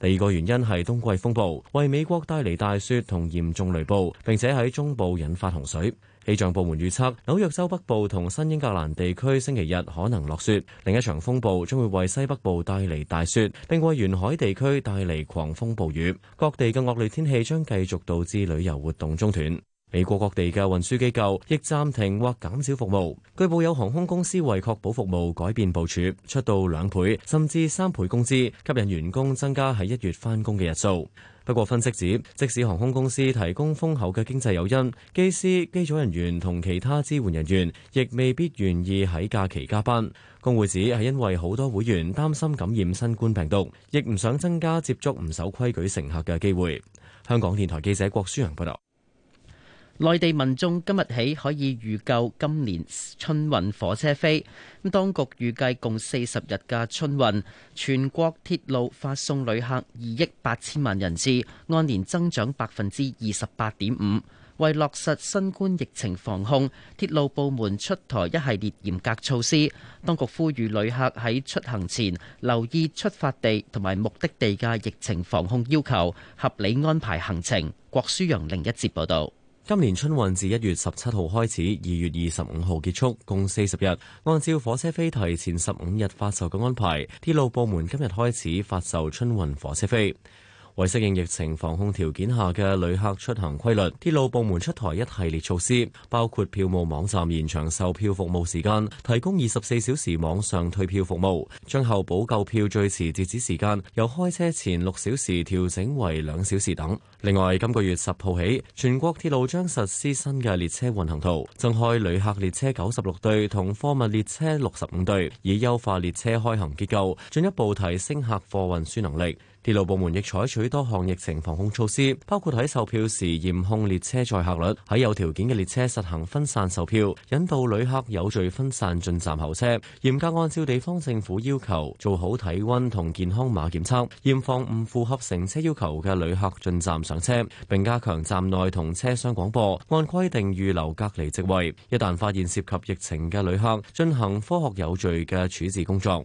第二個原因係冬季風暴，為美國帶嚟大雪同嚴重雷暴，並且喺中部引發洪水。氣象部門預測，紐約州北部同新英格蘭地區星期日可能落雪，另一場風暴將會為西北部帶嚟大雪，並為沿海地區帶嚟狂風暴雨。各地嘅惡劣天氣將繼續導致旅遊活動中斷。美國各地嘅運輸機構亦暫停或減少服務，據報有航空公司為確保服務改變部署，出到兩倍甚至三倍工資，吸引員工增加喺一月返工嘅日數。不過分析指，即使航空公司提供豐厚嘅經濟誘因，機師、機組人員同其他支援人員亦未必願意喺假期加班。工會指係因為好多會員擔心感染新冠病毒，亦唔想增加接觸唔守規矩乘客嘅機會。香港電台記者郭舒陽報道。內地民眾今日起可以預購今年春運火車飛。咁，當局預計共四十日嘅春運，全國鐵路發送旅客二億八千萬人次，按年增長百分之二十八點五。為落實新冠疫情防控，鐵路部門出台一系列嚴格措施。當局呼籲旅客喺出行前留意出發地同埋目的地嘅疫情防控要求，合理安排行程。郭書陽另一節報道。今年春運自一月十七號開始，二月二十五號結束，共四十日。按照火車飛提前十五日發售嘅安排，鐵路部門今日開始發售春運火車飛。為適應疫情防控條件下嘅旅客出行規律，鐵路部門出台一系列措施，包括票務網站延長售票服務時間，提供二十四小時網上退票服務，將候補購票最遲截止時間由開車前六小時調整為兩小時等。另外，今個月十號起，全國鐵路將實施新嘅列車運行圖，增開旅客列車九十六對同貨物列車六十五對，以優化列車開行結構，進一步提升客貨運輸能力。鐵路部門亦採取多項疫情防控措施，包括喺售票時嚴控列車載客率，喺有條件嘅列車實行分散售票，引導旅客有序分散進站候車；嚴格按照地方政府要求做好體溫同健康碼檢測，嚴防唔符合乘車要求嘅旅客進站上車，並加強站內同車廂廣播，按規定預留隔離席位。一旦發現涉及疫情嘅旅客，進行科學有序嘅處置工作。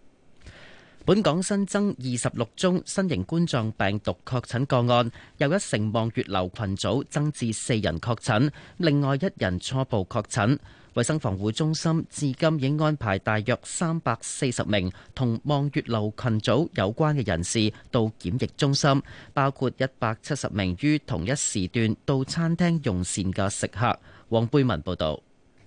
本港新增二十六宗新型冠狀病毒確診個案，又一城望月樓群組增至四人確診，另外一人初步確診，衛生防護中心至今已經安排大約三百四十名同望月樓群組有關嘅人士到檢疫中心，包括一百七十名於同一時段到餐廳用膳嘅食客。黃貝文報道。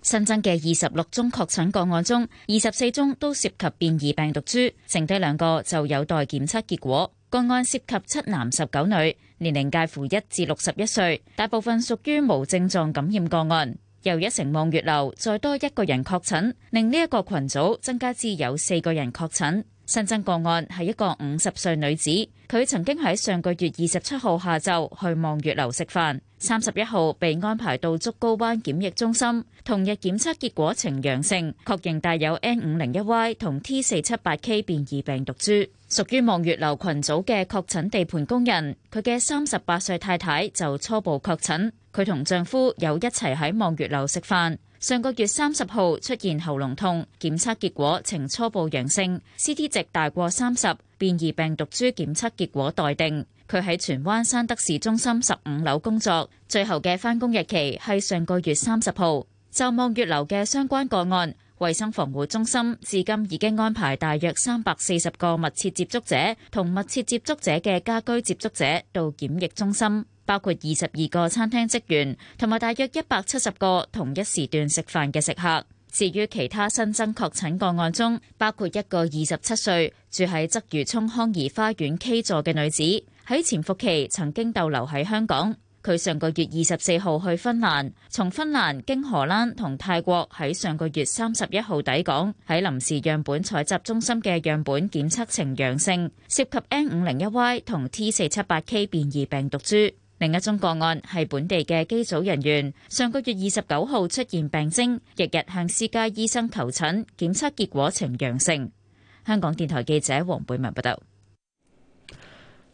新增嘅二十六宗確診個案中，二十四宗都涉及變異病毒株，剩低兩個就有待檢測結果。個案涉及七男十九女，年齡介乎一至六十一歲，大部分屬於無症狀感染個案。又一城望月樓再多一個人確診，令呢一個群組增加至有四個人確診。新增個案係一個五十歲女子，佢曾經喺上個月二十七號下晝去望月樓食飯。三十一號被安排到竹篙灣檢疫中心，同日檢測結果呈陽性，確認帶有 N 五零一 Y 同 T 四七八 K 變異病毒株，屬於望月樓群組嘅確診地盤工人。佢嘅三十八歲太太就初步確診，佢同丈夫有一齊喺望月樓食飯。上個月三十號出現喉嚨痛，檢測結果呈初步陽性，C T 值大過三十，變異病毒株檢測結果待定。佢喺荃灣山德士中心十五樓工作，最後嘅返工日期係上個月三十號。就望月樓嘅相關個案，衛生防護中心至今已經安排大約三百四十個密切接觸者同密切接觸者嘅家居接觸者到檢疫中心，包括二十二個餐廳職員同埋大約一百七十個同一時段食飯嘅食客。至於其他新增確診個案中，包括一個二十七歲住喺鰂魚涌康怡花園 K 座嘅女子。喺潛伏期曾經逗留喺香港，佢上個月二十四號去芬蘭，從芬蘭經荷蘭同泰國喺上個月三十一號抵港，喺臨時樣本採集中心嘅樣本檢測呈陽性，涉及 N 五零一 Y 同 T 四七八 K 變異病毒株。另一宗個案係本地嘅機組人員，上個月二十九號出現病徵，翌日向私家醫生求診，檢測結果呈陽性。香港電台記者黃貝文報道。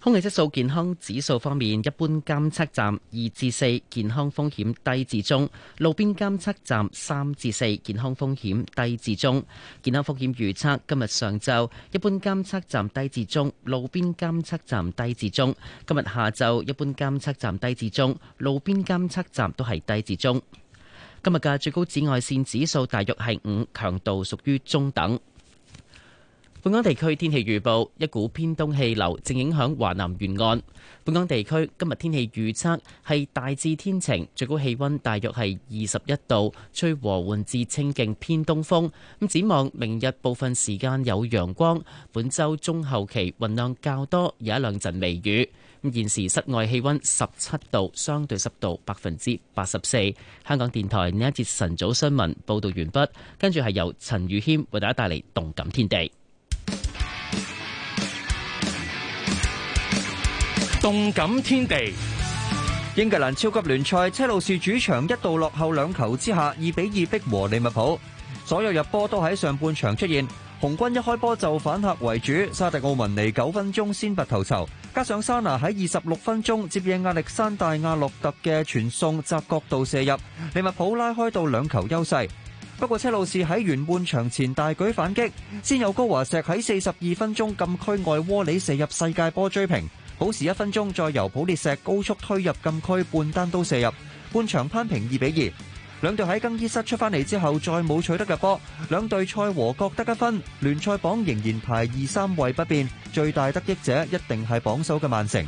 空氣質素健康指數方面，一般監測站二至四，健康風險低至中；路邊監測站三至四，健康風險低至中。健康風險預測今日上晝，一般監測站低至中，路邊監測站低至中；今日下晝，一般監測站低至中，路邊監測站都係低至中。今日嘅最高紫外線指數大約係五，強度屬於中等。本港地區天氣預報，一股偏東氣流正影響華南沿岸。本港地區今日天氣預測係大致天晴，最高氣溫大約係二十一度，吹和緩至清勁偏東風。咁展望明日部分時間有陽光。本周中後期雲量較多，有一兩陣微雨。咁現時室外氣溫十七度，相對濕度百分之八十四。香港電台呢一節晨早新聞報道完畢，跟住係由陳宇謙為大家帶嚟動感天地。動感天地，英格蘭超級聯賽，車路士主場一度落後兩球之下，二比二逼和利物浦。所有入波都喺上半場出現，紅軍一開波就反客為主。沙特奧文尼九分鐘先拔頭籌，加上沙拿喺二十六分鐘接應亞歷山大亞洛特嘅傳送窄角度射入，利物浦拉開到兩球優勢。不過車路士喺完半場前大舉反擊，先有高華石喺四十二分鐘禁區外窩裏射入世界波追平。補時一分鐘，再由普列石高速推入禁區，半單刀射入，半場攀平二比二。兩隊喺更衣室出翻嚟之後，再冇取得入波，兩隊賽和各得一分，聯賽榜仍然排二三位不變。最大得益者一定係榜首嘅曼城。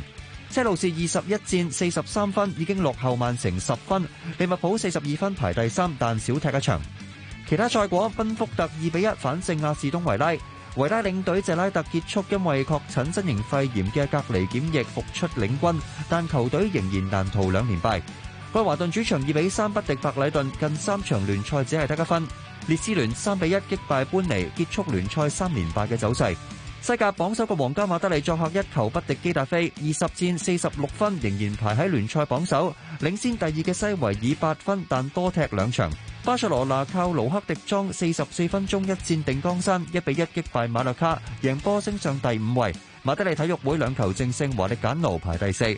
車路士二十一戰四十三分，已經落後曼城十分。利物浦四十二分排第三，但少踢一場。其他賽果：賓福特二比一反勝亞士東維拉。維拉領隊謝拉特結束因為確診新型肺炎嘅隔離檢疫，復出領軍，但球隊仍然難逃兩連敗。威華頓主場二比三不敵白禮頓，近三場聯賽只係得一分。列斯聯三比一擊敗班尼，結束聯賽三連敗嘅走勢。西甲榜首嘅皇家馬德里作客一球不敵基達菲，二十戰四十六分，仍然排喺聯賽榜首，領先第二嘅西維爾八分，但多踢兩場。巴塞羅那靠盧克迪莊四十四分鐘一戰定江山，一比一擊敗馬略卡，贏波升上第五位。馬德里體育會兩球淨勝，華力簡奴排第四。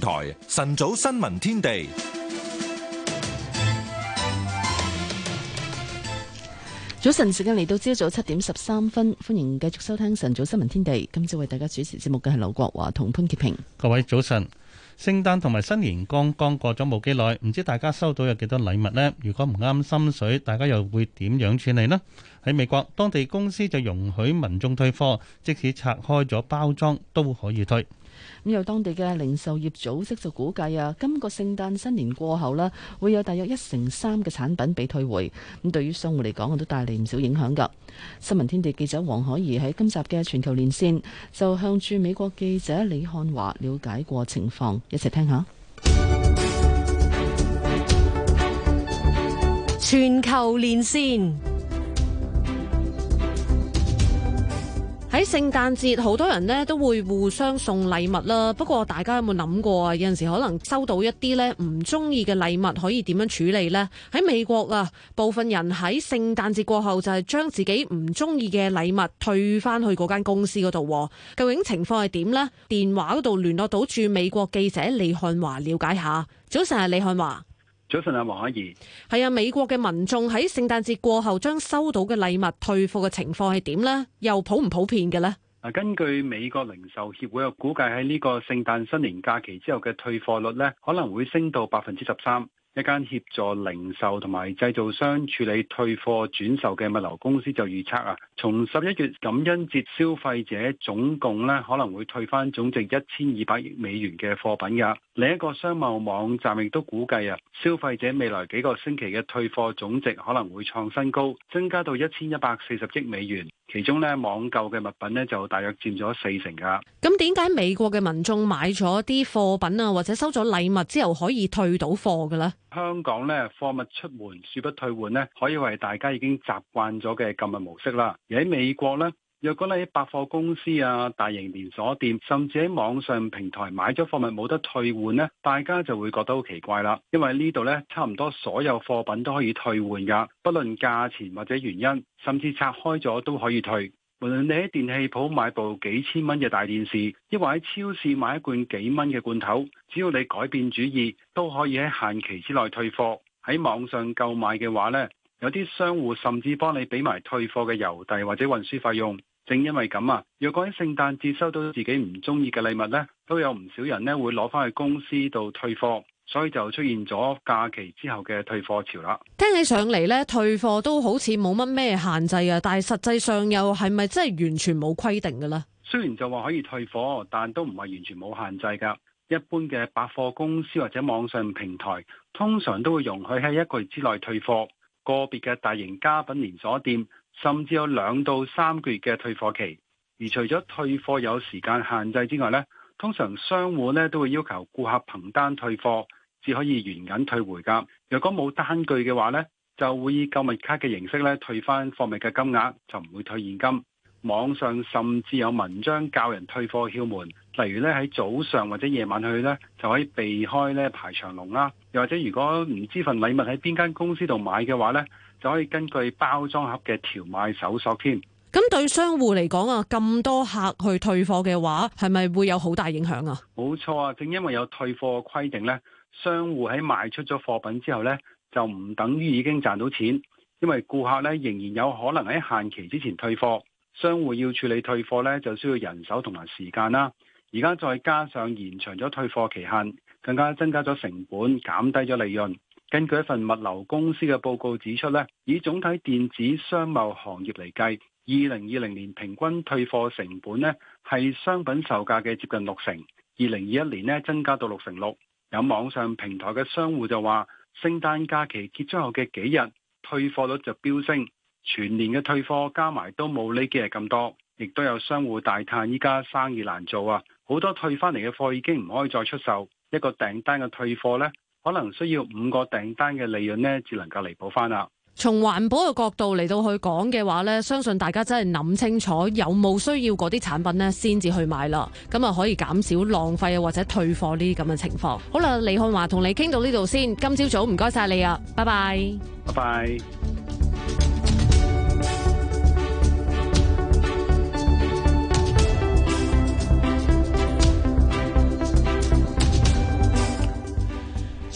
台晨早新聞天地，早晨時間嚟到朝早七點十三分，歡迎繼續收聽晨早新聞天地。今朝為大家主持節目嘅係劉國華同潘潔平。各位早晨，聖誕同埋新年剛剛過咗冇幾耐，唔知大家收到有幾多禮物呢？如果唔啱心水，大家又會點樣處理呢？喺美國，當地公司就容許民眾退貨，即使拆開咗包裝都可以退。咁有當地嘅零售業組織就估計啊，今個聖誕新年過後啦，會有大約一成三嘅產品被退回。咁對於商戶嚟講，我都帶嚟唔少影響㗎。新聞天地記者黃海怡喺今集嘅全球連線就向駐美國記者李漢華了解過情況，一齊聽一下。全球連線。喺聖誕節，好多人呢都會互相送禮物啦。不過大家有冇諗過啊？有陣時可能收到一啲呢唔中意嘅禮物，可以點樣處理呢？喺美國啊，部分人喺聖誕節過後就係將自己唔中意嘅禮物退翻去嗰間公司嗰度。究竟情況係點呢？電話嗰度聯絡到駐美國記者李漢華了解下。早晨啊，李漢華。早晨阿，黃可怡。係啊，美國嘅民眾喺聖誕節過後將收到嘅禮物退貨嘅情況係點呢？又普唔普遍嘅呢？啊，根據美國零售協會嘅估計，喺呢個聖誕新年假期之後嘅退貨率呢，可能會升到百分之十三。一間協助零售同埋製造商處理退貨轉售嘅物流公司就預測啊，從十一月感恩節，消費者總共呢可能會退翻總值一千二百億美元嘅貨品噶。另一個商貿網站亦都估計啊，消費者未來幾個星期嘅退貨總值可能會創新高，增加到一千一百四十億美元。其中咧，網購嘅物品咧，就大約佔咗四成㗎。咁點解美國嘅民眾買咗啲貨品啊，或者收咗禮物之後可以退到貨嘅咧？香港咧，貨物出門恕不退換咧，可以為大家已經習慣咗嘅購物模式啦。而喺美國咧。若果你喺百貨公司啊、大型連鎖店，甚至喺網上平台買咗貨物冇得退換呢，大家就會覺得好奇怪啦。因為呢度呢，差唔多所有貨品都可以退換噶，不論價錢或者原因，甚至拆開咗都可以退。無論你喺電器鋪買部幾千蚊嘅大電視，亦或喺超市買一罐幾蚊嘅罐頭，只要你改變主意，都可以喺限期之內退貨。喺網上購買嘅話呢，有啲商戶甚至幫你俾埋退貨嘅郵遞或者運輸費用。正因為咁啊，若果喺聖誕節收到自己唔中意嘅禮物呢，都有唔少人呢會攞翻去公司度退貨，所以就出現咗假期之後嘅退貨潮啦。聽起上嚟呢，退貨都好似冇乜咩限制啊，但係實際上又係咪真係完全冇規定嘅呢？雖然就話可以退貨，但都唔係完全冇限制噶。一般嘅百貨公司或者網上平台，通常都會容許喺一個月之內退貨。個別嘅大型家品連鎖店，甚至有兩到三個月嘅退貨期，而除咗退貨有時間限制之外呢，通常商戶呢，都會要求顧客憑單退貨，只可以原銀退回㗎。若果冇單據嘅話呢，就會以購物卡嘅形式咧退翻貨物嘅金額，就唔會退現金。網上甚至有文章教人退貨嘅竅門，例如咧喺早上或者夜晚去呢，就可以避開呢排長龍啦。又或者如果唔知份禮物喺邊間公司度買嘅話呢。就可以根據包裝盒嘅條碼搜索添。咁對商戶嚟講啊，咁多客去退貨嘅話，係咪會有好大影響啊？冇錯啊，正因為有退貨嘅規定呢，商戶喺賣出咗貨品之後呢，就唔等於已經賺到錢，因為顧客呢，仍然有可能喺限期之前退貨，商戶要處理退貨呢，就需要人手同埋時間啦。而家再加上延長咗退貨期限，更加增加咗成本，減低咗利潤。根據一份物流公司嘅報告指出咧，以總體電子商貿行業嚟計，二零二零年平均退貨成本呢係商品售價嘅接近六成，二零二一年呢增加到六成六。有網上平台嘅商戶就話，聖誕假期結束後嘅幾日，退貨率就飆升，全年嘅退貨加埋都冇呢幾日咁多。亦都有商戶大嘆，依家生意難做啊！好多退翻嚟嘅貨已經唔可以再出售，一個訂單嘅退貨呢，可能需要五個訂單嘅利潤咧，只能夠彌補翻啦。從環保嘅角度嚟到去講嘅話呢，相信大家真係諗清楚有冇需要嗰啲產品咧，先至去買啦。咁啊，可以減少浪費啊，或者退貨呢啲咁嘅情況。好啦，李漢華同你傾到呢度先。今朝早唔該晒你啊，拜拜。拜拜。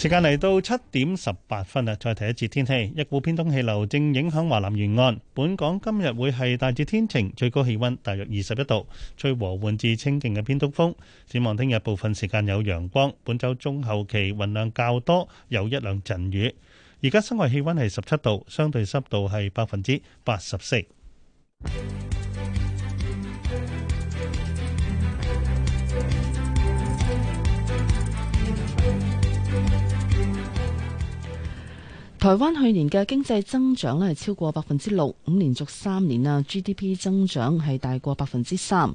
時間嚟到七點十八分啦，再睇一次天氣。一股偏東氣流正影響華南沿岸，本港今日會係大致天晴，最高氣溫大約二十一度，吹和緩至清勁嘅偏東風。展望聽日部分時間有陽光，本周中後期雲量較多，有一兩陣雨。而家室外氣溫係十七度，相對濕度係百分之八十四。台灣去年嘅經濟增長咧係超過百分之六五，連續三年啊，GDP 增長係大過百分之三。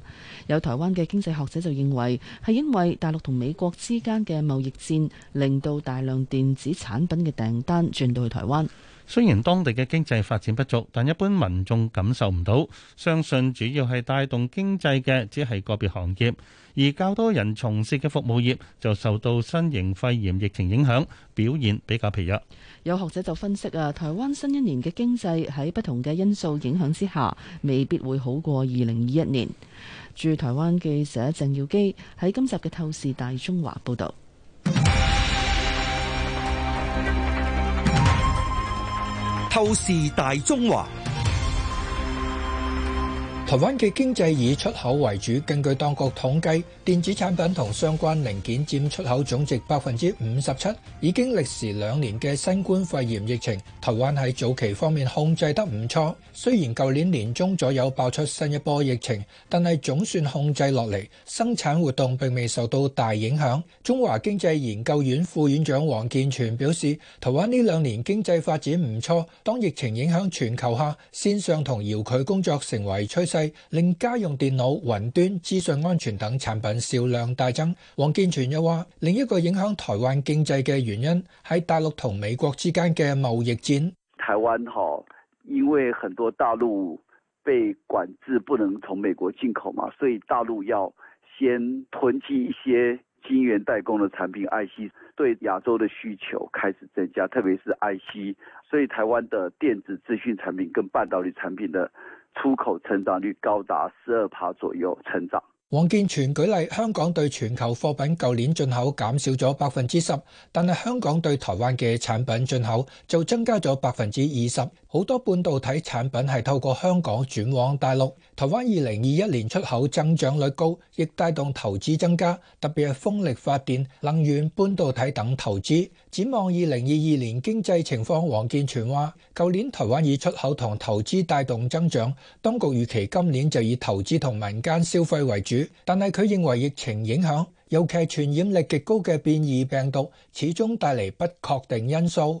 有台灣嘅經濟學者就認為係因為大陸同美國之間嘅貿易戰，令到大量電子產品嘅訂單轉到去台灣。雖然當地嘅經濟發展不足，但一般民眾感受唔到。相信主要係帶動經濟嘅只係個別行業。而較多人從事嘅服務業就受到新型肺炎疫情影響，表現比較疲弱。有學者就分析啊，台灣新一年嘅經濟喺不同嘅因素影響之下，未必會好過二零二一年。駐台灣記者鄭耀基喺今集嘅《透視大中華》報導。透視大中華。台灣嘅經濟以出口為主，根據當局統計，電子產品同相關零件占出口總值百分之五十七。已經歷時兩年嘅新冠肺炎疫情，台灣喺早期方面控制得唔錯。雖然舊年年中左右爆出新一波疫情，但係總算控制落嚟，生產活動並未受到大影響。中華經濟研究院副院長王健全表示，台灣呢兩年經濟發展唔錯，當疫情影響全球下，線上同遙距工作成為趨勢。令家用電腦、雲端、資訊安全等產品銷量大增。王健全又話：另一個影響台灣經濟嘅原因係大陸同美國之間嘅貿易戰。台灣因為很多大陸被管制，不能從美國進口嘛，所以大陸要先囤積一些晶圓代工的產品。IC 對亞洲的需求開始增加，特別是 IC，所以台灣的電子資訊產品跟半導體產品的出口成長率高達十二帕左右成長。王健全舉例，香港對全球貨品舊年進口減少咗百分之十，但係香港對台灣嘅產品進口就增加咗百分之二十。好多半導體產品係透過香港轉往大陸。台灣二零二一年出口增長率高，亦帶動投資增加，特別係風力發電、能源、半導體等投資。展望二零二二年經濟情況，王健全話：舊年台灣以出口同投資帶動增長，當局預期今年就以投資同民間消費為主。但係佢認為疫情影響，尤其係傳染力極高嘅變異病毒，始終帶嚟不確定因素。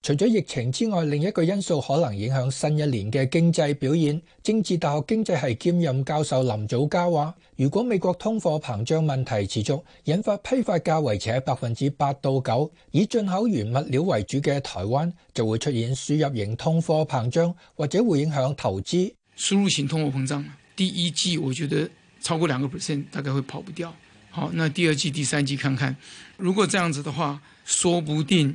除咗疫情之外，另一個因素可能影響新一年嘅經濟表現。政治大學經濟系兼任教授林祖嘉話：如果美國通貨膨脹問題持續，引發批發價維持喺百分之八到九，以進口原物料為主嘅台灣就會出現輸入型通貨膨脹，或者會影響投資。輸入型通貨膨脹，第一季我覺得超過兩個 percent，大概會跑不掉。好，那第二季、第三季看看，如果這樣子的話，說不定。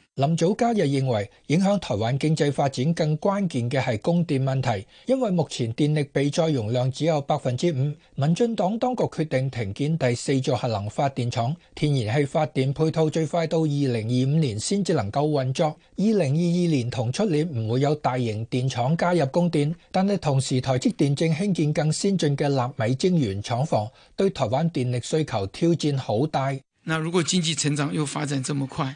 林祖嘉又認為，影響台灣經濟發展更關鍵嘅係供電問題，因為目前電力備載容量只有百分之五。民進黨當局決定停建第四座核能發電廠，天然氣發電配套最快到二零二五年先至能夠運作。二零二二年同出年唔會有大型電廠加入供電，但係同時台積電正興建更先進嘅納米晶圓廠房，對台灣電力需求挑戰好大。那如果經濟成長又發展這麼快？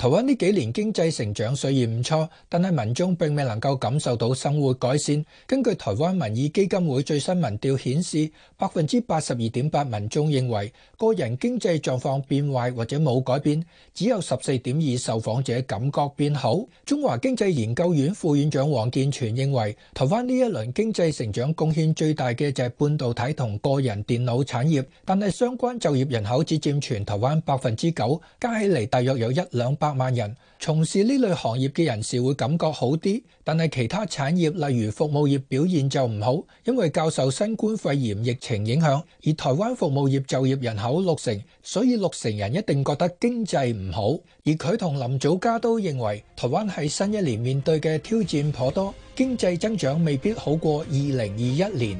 台灣呢幾年經濟成長雖然唔錯，但係民眾並未能夠感受到生活改善。根據台灣民意基金會最新民調顯示，百分之八十二點八民眾認為個人經濟狀況變壞或者冇改變，只有十四點二受訪者感覺變好。中華經濟研究院副院長王健全認為，台灣呢一輪經濟成長貢獻最大嘅就係半導體同個人電腦產業，但係相關就業人口只占全台灣百分之九，加起嚟大約有一兩百。百萬人從事呢類行業嘅人士會感覺好啲，但係其他產業例如服務業表現就唔好，因為較受新冠肺炎疫情影響。而台灣服務業就業人口六成，所以六成人一定覺得經濟唔好。而佢同林祖嘉都認為，台灣喺新一年面對嘅挑戰頗多，經濟增長未必好過二零二一年。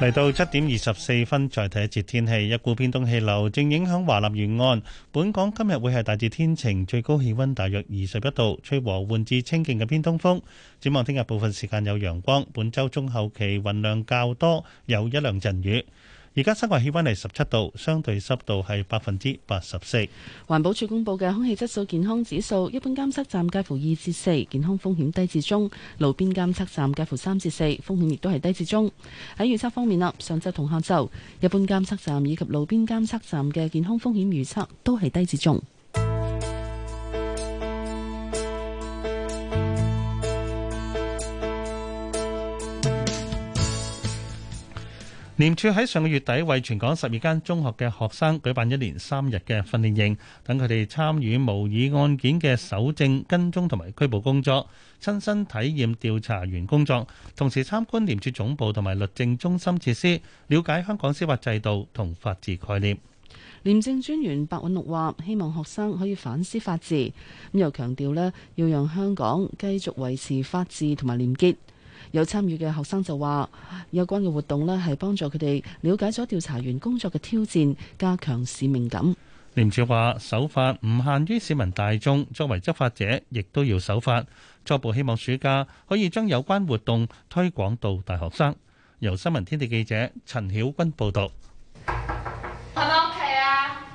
嚟到七點二十四分，再睇一節天氣。一股偏東氣流正影響華南沿岸，本港今日會係大致天晴，最高氣温大約二十一度，吹和緩至清勁嘅偏東風。展望聽日部分時間有陽光，本週中後期雲量較多，有一兩陣雨。而家室外氣温係十七度，相對濕度係百分之八十四。環保署公布嘅空氣質素健康指數，一般監測站介乎二至四，健康風險低至中；路邊監測站介乎三至四，風險亦都係低至中。喺預測方面啦，上晝同下晝，一般監測站以及路邊監測站嘅健康風險預測都係低至中。廉署喺上個月底為全港十二間中學嘅學生舉辦一連三日嘅訓練營，等佢哋參與模擬案件嘅搜證、跟蹤同埋拘捕工作，親身體驗調查員工作，同時參觀廉署總部同埋律政中心設施，了解香港司法制度同法治概念。廉政專員白韞六話：希望學生可以反思法治，咁又強調咧，要讓香港繼續維持法治同埋廉潔。有參與嘅學生就話：有關嘅活動咧，係幫助佢哋了解咗調查員工作嘅挑戰，加強使命感。廉署話：守法唔限於市民大眾，作為執法者，亦都要守法。初步希望暑假可以將有關活動推廣到大學生。由新聞天地記者陳曉君報道。係咪屋企啊？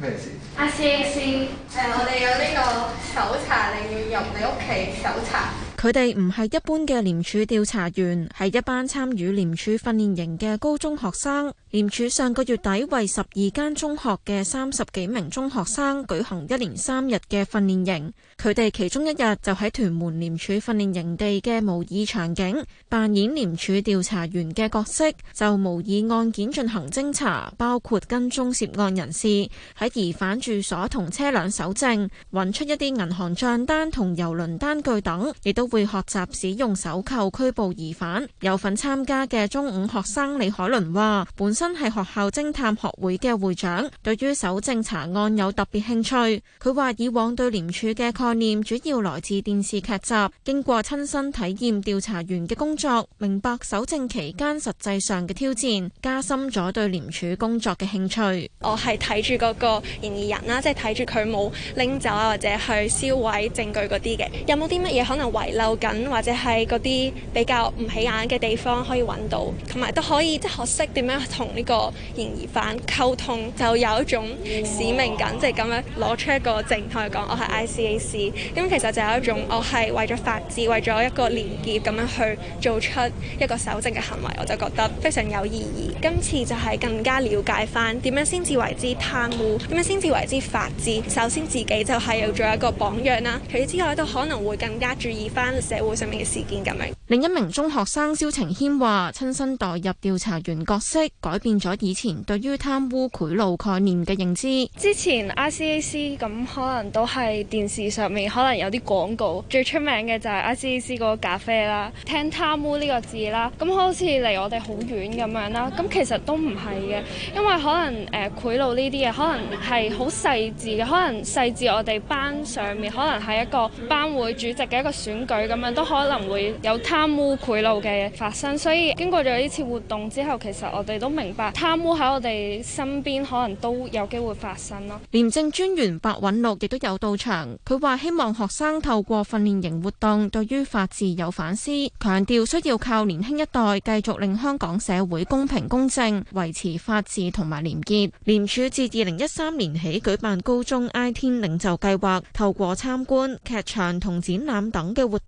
咩事？阿 Sir 先，誒、啊，我哋有呢個搜查令，要入你屋企搜查。佢哋唔係一般嘅廉署調查員，係一班參與廉署訓練營嘅高中學生。廉署上個月底為十二間中學嘅三十幾名中學生舉行一連三日嘅訓練營，佢哋其中一日就喺屯門廉署訓練營地嘅模擬場景扮演廉署調查員嘅角色，就模擬案件進行偵查，包括跟蹤涉案人士喺疑犯住所同車輛搜證，揾出一啲銀行賬單同郵輪單據等，亦都會學習使用手銬拘捕疑犯。有份參加嘅中五學生李海倫話，本身係學校偵探學會嘅會長，對於搜證查案有特別興趣。佢話以往對廉署嘅概念主要來自電視劇集，經過親身體驗調查員嘅工作，明白搜證期間實際上嘅挑戰，加深咗對廉署工作嘅興趣。我係睇住嗰個嫌疑人啦，即係睇住佢冇拎走啊，或者去銷毀證據嗰啲嘅。有冇啲乜嘢可能遺？漏緊或者係嗰啲比較唔起眼嘅地方可以揾到，同埋都可以即係學識點樣同呢個嫌疑犯溝通，就有一種使命感。即係咁樣攞出一個證同佢講，我係 ICAC。咁其實就有一種我係為咗法治、為咗一個廉潔咁樣去做出一個守正嘅行為，我就覺得非常有意義。今次就係更加了解翻點樣先至為之貪污，點樣先至為之法治。首先自己就係要做一個榜樣啦，除此之外都可能會更加注意翻。社會上面嘅事件咁樣。另一名中學生蕭晴謙話：親身代入調查員角色，改變咗以前對於貪污賄賂概念嘅認知。之前 ICAC 咁，可能都係電視上面，可能有啲廣告，最出名嘅就係 ICAC 嗰個咖啡啦。聽貪污呢個字啦，咁好似離我哋好遠咁樣啦。咁其實都唔係嘅，因為可能誒賄賂呢啲嘢，可能係好細緻嘅，可能細緻我哋班上面，可能係一個班會主席嘅一個選舉，咁樣都可能會有貪污賄賂嘅發生，所以經過咗呢次活動之後，其實我哋都明白貪污喺我哋身邊可能都有機會發生咯。廉政專員白韞六亦都有到場，佢話希望學生透過訓練營活動對於法治有反思，強調需要靠年輕一代繼續令香港社會公平公正，維持法治同埋廉潔。廉署自二零一三年起舉辦高中 IT 領袖計劃，透過參觀劇場同展覽等嘅活動。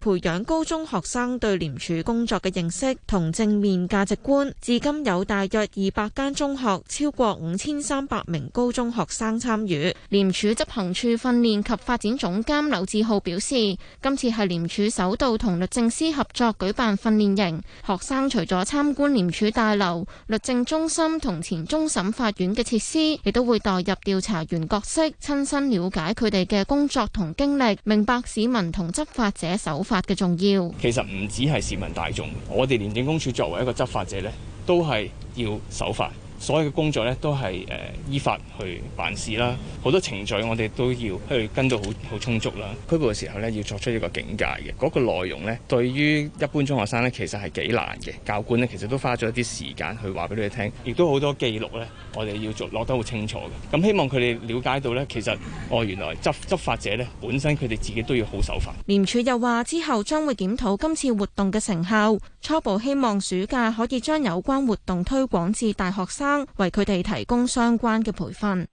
培養高中學生對廉署工作嘅認識同正面價值觀，至今有大約二百間中學，超過五千三百名高中學生參與。廉署執行處訓練及發展總監柳志浩表示，今次係廉署首度同律政司合作舉辦訓練營，學生除咗參觀廉署大樓、律政中心同前終審法院嘅設施，亦都會代入調查員角色，親身了解佢哋嘅工作同經歷，明白市民同執法者手法。嘅重要，其實唔止係市民大眾，我哋廉政公署作為一個執法者咧，都係要守法。所有嘅工作咧都係依法去辦事啦，好多程序我哋都要去跟到好好充足啦。拘捕嘅時候咧要作出一個警戒嘅，嗰個內容呢，對於一般中學生呢，其實係幾難嘅。教官呢，其實都花咗一啲時間去話俾你聽，亦都好多記錄呢，我哋要做落得好清楚嘅。咁希望佢哋了解到呢，其實哦原來執執法者呢本身佢哋自己都要好守法。廉署又話之後將會檢討今次活動嘅成效。初步希望暑假可以將有關活動推廣至大學生，為佢哋提供相關嘅培訓。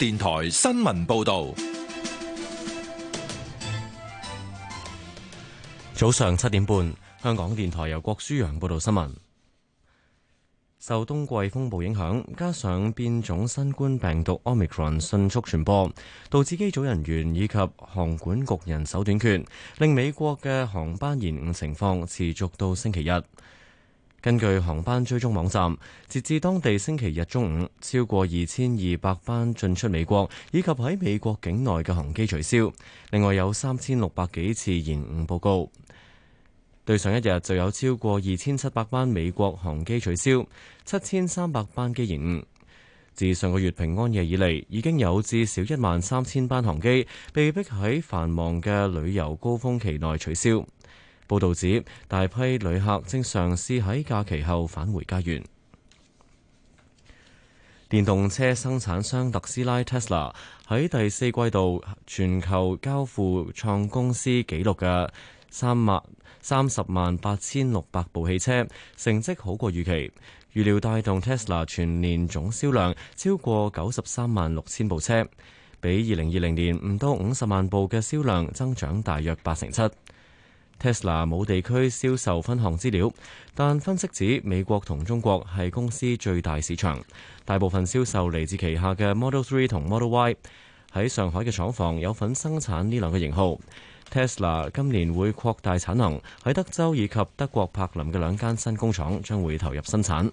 電台新聞報道，早上七點半，香港電台由郭舒揚報道新聞。受冬季風暴影響，加上變種新冠病毒 Omicron 迅速傳播，導致機組人員以及航管局人手短缺，令美國嘅航班延誤情況持續到星期日。根據航班追蹤網站，截至當地星期日中午，超過二千二百班進出美國以及喺美國境內嘅航機取消。另外有三千六百幾次延誤報告。對上一日就有超過二千七百班美國航機取消，七千三百班機延誤。自上個月平安夜以嚟，已經有至少一萬三千班航機被迫喺繁忙嘅旅遊高峰期內取消。報導指，大批旅客正嘗試喺假期後返回家園。電動車生產商特斯拉 Tesla 喺第四季度全球交付創公司紀錄嘅三十萬八千六百部汽車，成績好過預期。預料帶動 Tesla 全年總銷量超過九十三萬六千部車，比二零二零年唔到五十萬部嘅銷量增長大約八成七。Tesla 冇地區銷售分項資料，但分析指美國同中國係公司最大市場，大部分銷售嚟自旗下嘅 Model Three 同 Model Y。喺上海嘅廠房有份生產呢兩個型號。Tesla 今年會擴大產能，喺德州以及德國柏林嘅兩間新工廠將會投入生產。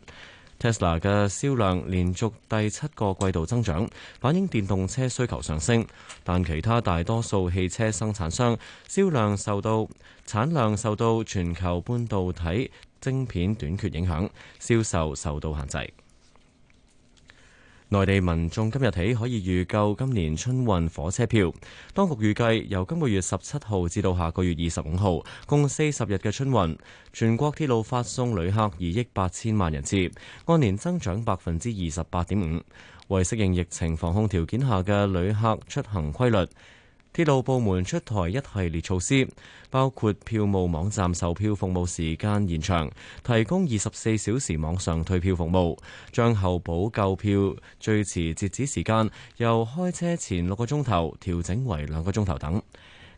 Tesla 嘅銷量連續第七個季度增長，反映電動車需求上升。但其他大多數汽車生產商銷量受到產量受到全球半導體晶片短缺影響，銷售受到限制。內地民眾今日起可以預購今年春運火車票。當局預計，由今個月十七號至到下個月二十五號，共四十日嘅春運，全國鐵路發送旅客二億八千萬人次，按年增長百分之二十八點五。為適應疫情防控條件下嘅旅客出行規律。鐵路部門出台一系列措施，包括票務網站售票服務時間延長，提供二十四小時網上退票服務，將候補購票最遲截止時間由開車前六個鐘頭調整為兩個鐘頭等。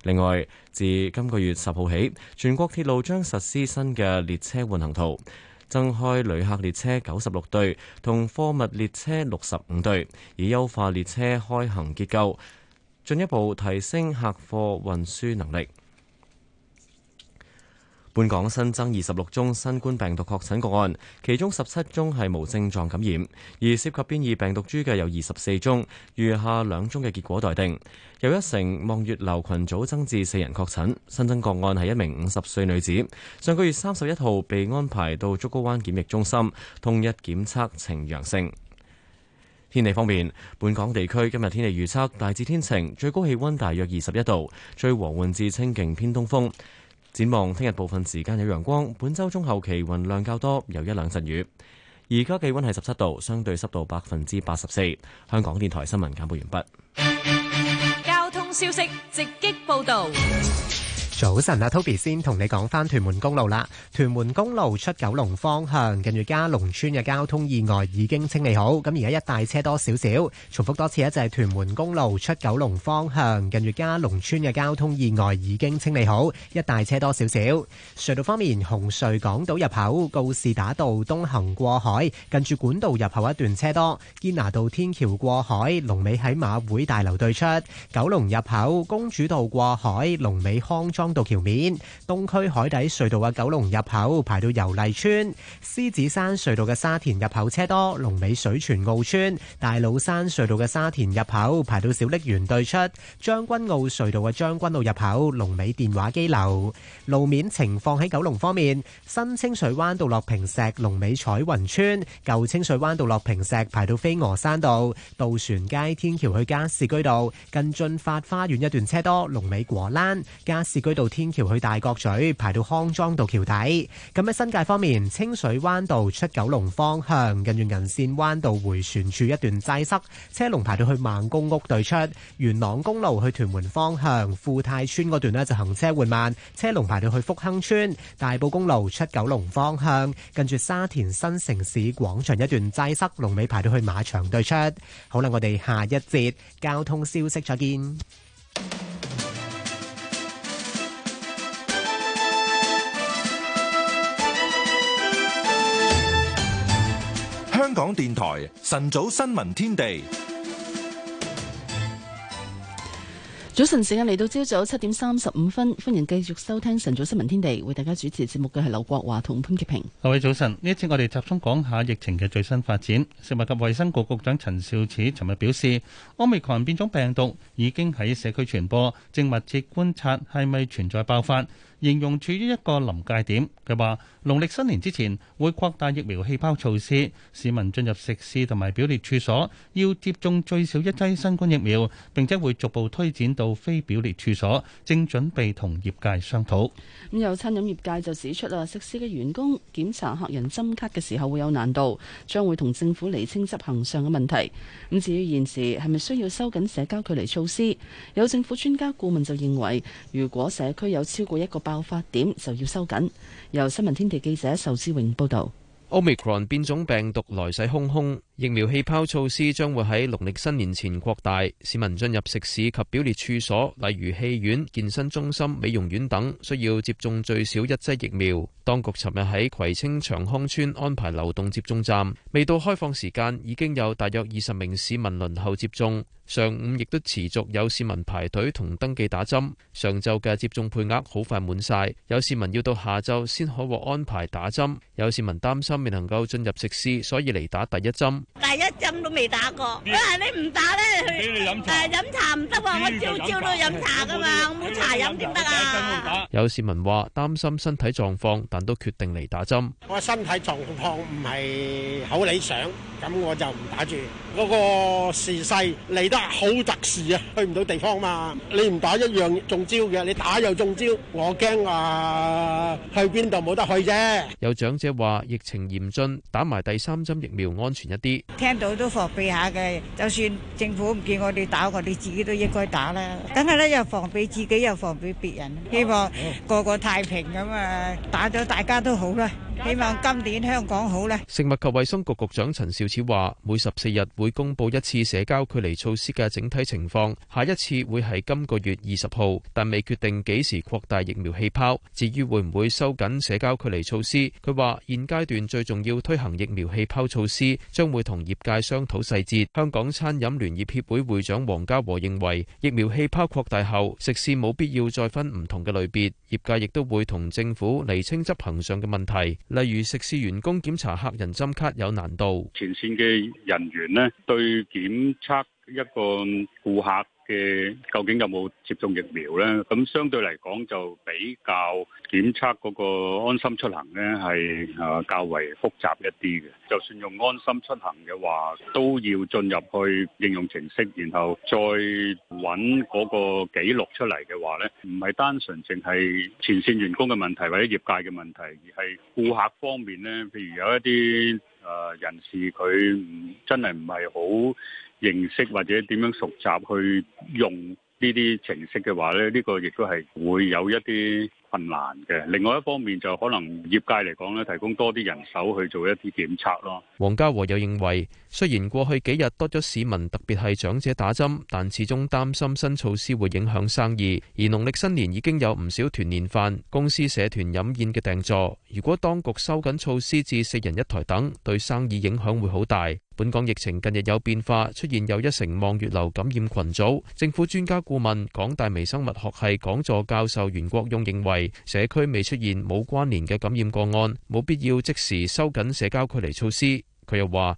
另外，自今個月十號起，全國鐵路將實施新嘅列車運行圖，增開旅客列車九十六對同貨物列車六十五對，以優化列車開行結構。進一步提升客貨運輸能力。本港新增二十六宗新冠病毒確診個案，其中十七宗係無症狀感染，而涉及變異病毒株嘅有二十四宗，餘下兩宗嘅結果待定。有一成望月樓群組增至四人確診，新增個案係一名五十歲女子，上個月三十一號被安排到竹篙灣檢疫中心，同日檢測呈陽性。天氣方面，本港地區今日天氣預測大致天晴，最高氣溫大約二十一度，吹和緩至清勁偏東風。展望聽日部分時間有陽光，本周中後期雲量較多，有一兩陣雨。而家氣溫係十七度，相對濕度百分之八十四。香港電台新聞簡報完畢。交通消息直擊報道。早晨啊，Toby 先同你講返屯門公路啦。屯門公路出九龍方向，近住加隆村嘅交通意外已經清理好。咁而家一帶車多少少。重複多次咧，就係屯門公路出九龍方向，近住加隆村嘅交通意外已經清理好，一帶車多少少。隧道方面，紅隧港島入口告士打道東行過海，近住管道入口一段車多。堅拿道天橋過海，龍尾喺馬會大樓對出。九龍入口公主道過海，龍尾康莊。東道橋面、東區海底隧道嘅九龍入口排到油麗村、獅子山隧道嘅沙田入口車多、龍尾水泉澳村、大老山隧道嘅沙田入口排到小瀝源對出、將軍澳隧道嘅將軍澳入口龍尾電話機樓。路面情況喺九龍方面，新清水灣到樂平石、龍尾彩雲村、舊清水灣到樂平石排到飛鵝山道、渡船街天橋去加士居道、近駿發花園一段車多、龍尾果欄、加士居。到天橋去大角咀，排到康莊道橋底。咁喺新界方面，清水灣道出九龍方向，近住銀線灣道回旋處一段擠塞，車龍排到去孟公屋對出。元朗公路去屯門方向，富泰村嗰段呢就行車緩慢，車龍排到去福亨村。大埔公路出九龍方向，近住沙田新城市廣場一段擠塞，龍尾排到去馬場對出。好啦，我哋下一節交通消息再見。港電台晨早新聞天地，早晨時間嚟到朝早七點三十五分，歡迎繼續收聽晨早新聞天地，為大家主持節目嘅係劉國華同潘潔平。各位早晨，呢一次我哋集中講下疫情嘅最新發展。食物及衛生局局長陳肇始尋日表示，Omicron 變種病毒已經喺社區傳播，正密切觀察係咪存在爆發。形容處於一個臨界點。佢話：農曆新年之前會擴大疫苗氣泡措施，市民進入食肆同埋表列處所要接種最少一劑新冠疫苗，並且會逐步推展到非表列處所。正準備同業界商討。咁、嗯、有餐飲業界就指出啦，食肆嘅員工檢查客人針卡嘅時候會有難度，將會同政府釐清執行上嘅問題。咁、嗯、至於現時係咪需要收緊社交距離措施，有政府專家顧問就認為，如果社區有超過一個爆發點就要收緊。由新聞天地記者仇志榮報道。Omicron 變種病毒來勢洶洶，疫苗氣泡措施將會喺農曆新年前擴大。市民進入食肆及表列處所，例如戲院、健身中心、美容院等，需要接種最少一劑疫苗。當局尋日喺葵青長康邨安排流動接種站，未到開放時間，已經有大約二十名市民輪候接種。上午亦都持續有市民排隊同登記打針，上晝嘅接種配額好快滿晒，有市民要到下晝先可獲安排打針。有市民擔心未能夠進入食肆，所以嚟打第一針。第一針都未打過，你唔打咧，去誒飲茶唔得喎，我朝朝都飲茶噶嘛，我冇茶飲點得啊？有市民話擔心身體狀況，但都決定嚟打針。我身體狀況唔係好理想，咁我就唔打住。嗰個時勢嚟得。好特殊啊，去唔到地方嘛，你唔打一樣中招嘅，你打又中招。我驚啊，去邊度冇得去啫。有長者話，疫情嚴峻，打埋第三針疫苗安全一啲。聽到都防備下嘅，就算政府唔見我哋打，我哋自己都應該打啦。梗係咧，又防備自己，又防備別人。希望個個太平咁啊，打咗大家都好啦。希望今年香港好咧。食物及衛生局局長陳肇始話：每十四日會公布一次社交距離措施嘅整體情況，下一次會係今個月二十號，但未決定幾時擴大疫苗氣泡。至於會唔會收緊社交距離措施，佢話現階段最重要推行疫苗氣泡措施，將會同業界商討細節。香港餐飲聯業協會會長黃家和認為，疫苗氣泡擴大後，食肆冇必要再分唔同嘅類別，業界亦都會同政府釐清執行上嘅問題。例如食肆員工檢查客人針卡有難度，前線嘅人員呢對檢測。一個顧客嘅究竟有冇接種疫苗咧？咁相對嚟講就比較檢測嗰個安心出行咧，係啊較為複雜一啲嘅。就算用安心出行嘅話，都要進入去應用程式，然後再揾嗰個記錄出嚟嘅話咧，唔係單純淨係前線員工嘅問題或者業界嘅問題，而係顧客方面咧，譬如有一啲誒人士，佢唔真係唔係好。認識或者點樣熟習去用呢啲程式嘅話咧，呢、呢個亦都係會有一啲。困難嘅，另外一方面就可能業界嚟講呢，提供多啲人手去做一啲檢測咯。黃家和又認為，雖然過去幾日多咗市民，特別係長者打針，但始終擔心新措施會影響生意。而農曆新年已經有唔少團年飯、公司社團飲宴嘅訂座，如果當局收緊措施至四人一台等，對生意影響會好大。本港疫情近日有變化，出現有一成望月流感染群組。政府專家顧問、港大微生物學系講座教授袁國勇認為。社區未出現冇關聯嘅感染個案，冇必要即時收緊社交距離措施。佢又話。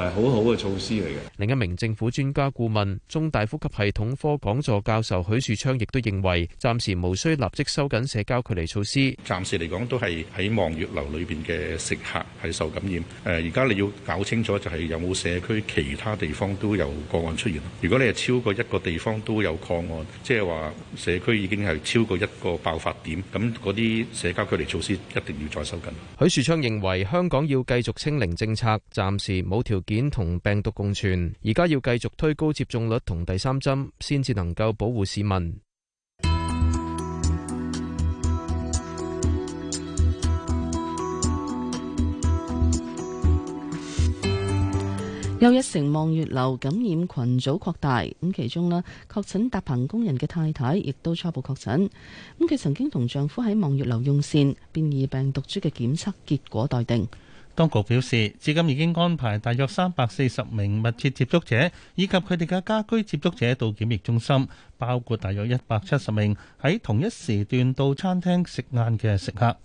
係好好嘅措施嚟嘅。另一名政府專家顧問、中大呼吸系統科講座教授許樹昌亦都認為暫時無需立即收緊社交距離措施。暫時嚟講都係喺望月樓裏邊嘅食客係受感染。誒，而家你要搞清楚就係有冇社區其他地方都有個案出現。如果你係超過一個地方都有個案，即係話社區已經係超過一個爆發點，咁嗰啲社交距離措施一定要再收緊。許樹昌認為香港要繼續清零政策，暫時冇條件。件同病毒共存，而家要繼續推高接種率同第三針，先至能夠保護市民。又一城望月樓感染群組擴大，咁其中呢確診搭棚工人嘅太太亦都初步確診，咁佢曾經同丈夫喺望月樓用膳，變異病毒株嘅檢測結果待定。當局表示，至今已經安排大約三百四十名密切接觸者以及佢哋嘅家居接觸者到檢疫中心，包括大約一百七十名喺同一時段到餐廳食晏嘅食客。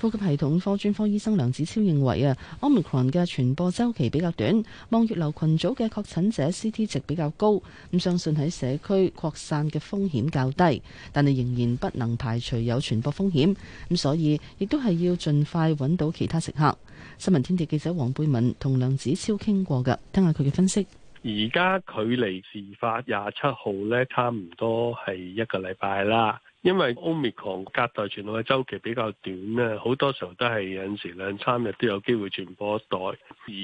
呼吸系統科專科醫生梁子超認為啊，Omicron 嘅傳播周期比較短，望月樓群組嘅確診者 CT 值比較高，咁相信喺社區擴散嘅風險較低，但係仍然不能排除有傳播風險，咁所以亦都係要盡快揾到其他食客。新聞天地記者黃貝敏同梁子超傾過㗎，聽下佢嘅分析。而家距離事發廿七號咧，差唔多係一個禮拜啦。因為 Omicron 隔代傳播嘅周期比較短咧，好多時候都係有陣時兩、三日都有機會傳播一代。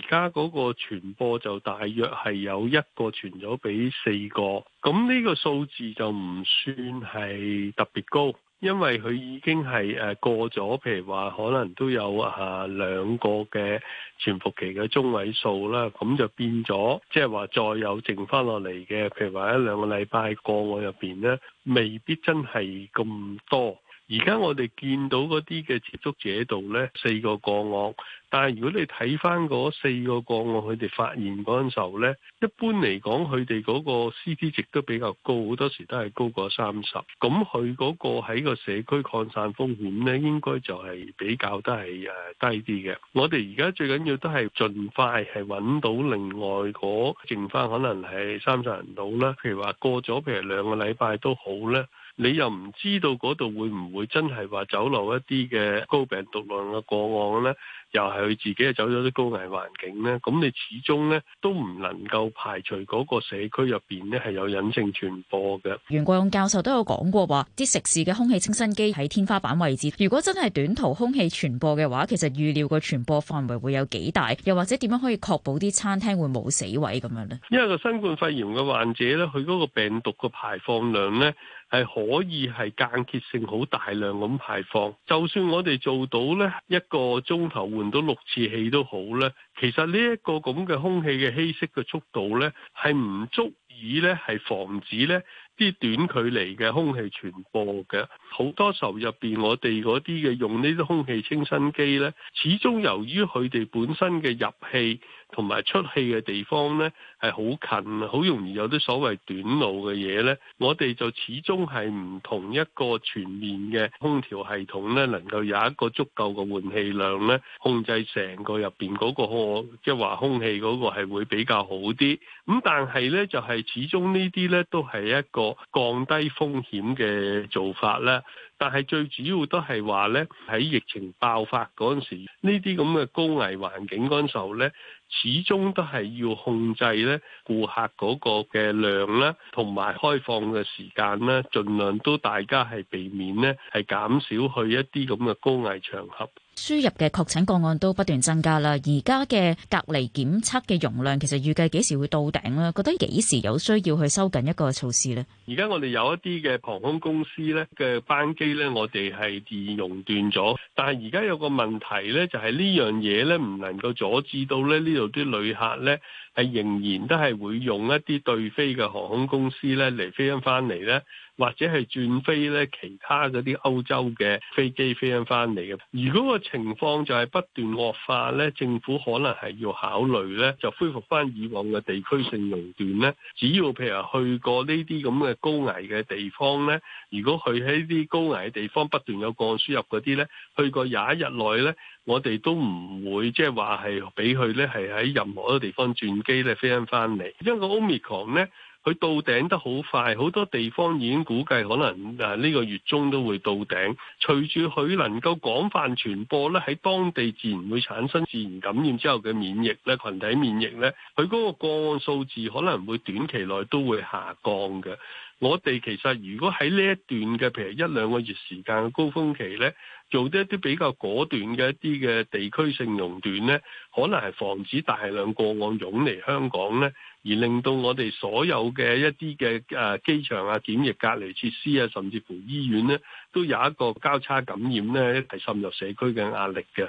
而家嗰個傳播就大約係有一個傳咗俾四個，咁呢個數字就唔算係特別高。因為佢已經係誒過咗，譬如話可能都有啊兩個嘅潛伏期嘅中位數啦，咁就變咗，即係話再有剩翻落嚟嘅，譬如話一兩個禮拜個案入邊咧，未必真係咁多。而家我哋見到嗰啲嘅接觸者度呢，四個個案。但係如果你睇翻嗰四個個案，佢哋發現嗰陣時候呢，一般嚟講，佢哋嗰個 C T 值都比較高，好多時都係高過三十。咁佢嗰個喺個社區擴散風險呢，應該就係比較都係誒低啲嘅。我哋而家最緊要都係盡快係揾到另外嗰剩翻可能係三十人到啦。譬如話過咗譬如兩個禮拜都好呢。你又唔知道嗰度會唔會真係話走漏一啲嘅高病毒量嘅過往咧，又係佢自己走咗啲高危環境呢，咁你始終呢都唔能夠排除嗰個社區入邊呢係有隱性傳播嘅。袁國勇教授都有講過話，啲食肆嘅空氣清新機喺天花板位置，如果真係短途空氣傳播嘅話，其實預料個傳播範圍會有幾大，又或者點樣可以確保啲餐廳會冇死位咁樣呢？因為個新冠肺炎嘅患者呢，佢嗰個病毒嘅排放量呢係可以係間歇性好大量咁排放，就算我哋做到呢一個鐘頭換唔到六次氣都好咧，其實呢一個咁嘅空氣嘅稀釋嘅速度咧，係唔足以咧係防止咧啲短距離嘅空氣傳播嘅。好多時候入邊我哋嗰啲嘅用呢啲空氣清新機咧，始終由於佢哋本身嘅入氣。同埋出氣嘅地方呢，係好近，好容易有啲所謂短路嘅嘢呢，我哋就始終係唔同一個全面嘅空調系統呢，能夠有一個足夠嘅換氣量呢，控制成個入面嗰個即係話空氣嗰個係會比較好啲。咁但係呢，就係始終呢啲呢都係一個降低風險嘅做法啦。但係最主要都係話呢，喺疫情爆發嗰陣時，呢啲咁嘅高危環境嗰陣時候呢。始終都係要控制咧顧客嗰個嘅量啦，同埋開放嘅時間咧，盡量都大家係避免咧，係減少去一啲咁嘅高危場合。輸入嘅確診個案都不斷增加啦，而家嘅隔離檢測嘅容量，其實預計幾時會到頂咧？覺得幾時有需要去收緊一個措施呢？而家我哋有一啲嘅航空公司咧嘅班機咧，我哋係自熔斷咗，但係而家有個問題咧，就係呢樣嘢咧唔能夠阻止到咧呢度啲旅客咧係仍然都係會用一啲對飛嘅航空公司咧嚟飛翻翻嚟咧。或者係轉飛咧其他嗰啲歐洲嘅飛機飛緊翻嚟嘅。如果個情況就係不斷惡化咧，政府可能係要考慮咧，就恢復翻以往嘅地區性熔斷咧。只要譬如話去過呢啲咁嘅高危嘅地方咧，如果去喺啲高危嘅地方不斷有降輸入嗰啲咧，去過廿一日內咧，我哋都唔會即係話係俾佢咧係喺任何一個地方轉飛機咧飛緊翻嚟。因為個 Omicron 咧。佢到頂得好快，好多地方已經估計可能誒呢個月中都會到頂。隨住佢能夠廣泛傳播咧，喺當地自然會產生自然感染之後嘅免疫咧，群體免疫咧，佢嗰個個案數字可能會短期內都會下降嘅。我哋其實如果喺呢一段嘅譬如一兩個月時間嘅高峰期呢，做得一啲比較果斷嘅一啲嘅地區性熔斷呢，可能係防止大量個案湧嚟香港呢，而令到我哋所有嘅一啲嘅誒機場啊檢疫隔離設施啊，甚至乎醫院呢，都有一個交叉感染呢係滲入社區嘅壓力嘅。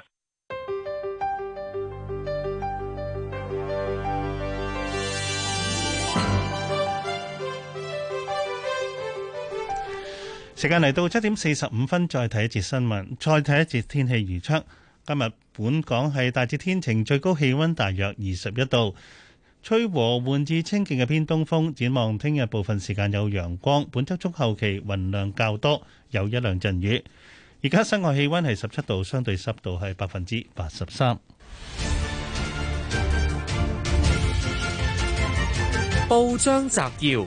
時間嚟到七點四十五分，再睇一節新聞，再睇一節天氣預測。今日本港係大致天晴，最高氣溫大約二十一度，吹和緩至清勁嘅偏東風。展望聽日部分時間有陽光，本周中後期雲量較多，有一兩陣雨。而家室外氣溫係十七度，相對濕度係百分之八十三。報章摘要。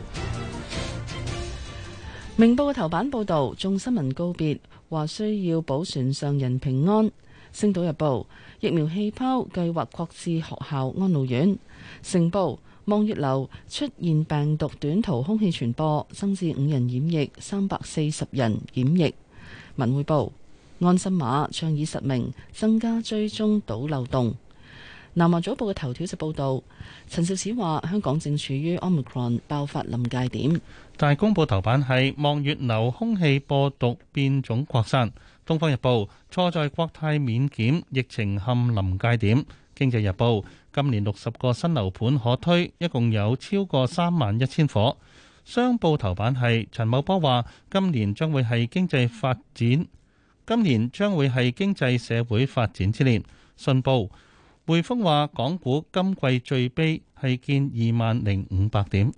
明報嘅頭版報導，眾新聞告別，話需要保船上人平安。星島日報，疫苗氣泡計劃擴至學校、安老院。成報，望月樓出現病毒短途空氣傳播，增至五人染疫，三百四十人檢疫。文匯報，安心碼倡議實名，增加追蹤堵漏洞。南華早報嘅頭條就報道，陳肇始話香港正處於奧密克戎爆發臨界點。但係，大公報頭版係望月樓空氣播毒變種擴散。東方日報錯在國泰免檢疫情陷臨界點。經濟日報今年六十個新樓盤可推，一共有超過三萬一千伙。商報頭版係陳茂波話今年將會係經濟發展，今年將會係經濟社會發展之年。信報。匯豐話，港股今季最悲係見二萬零五百點。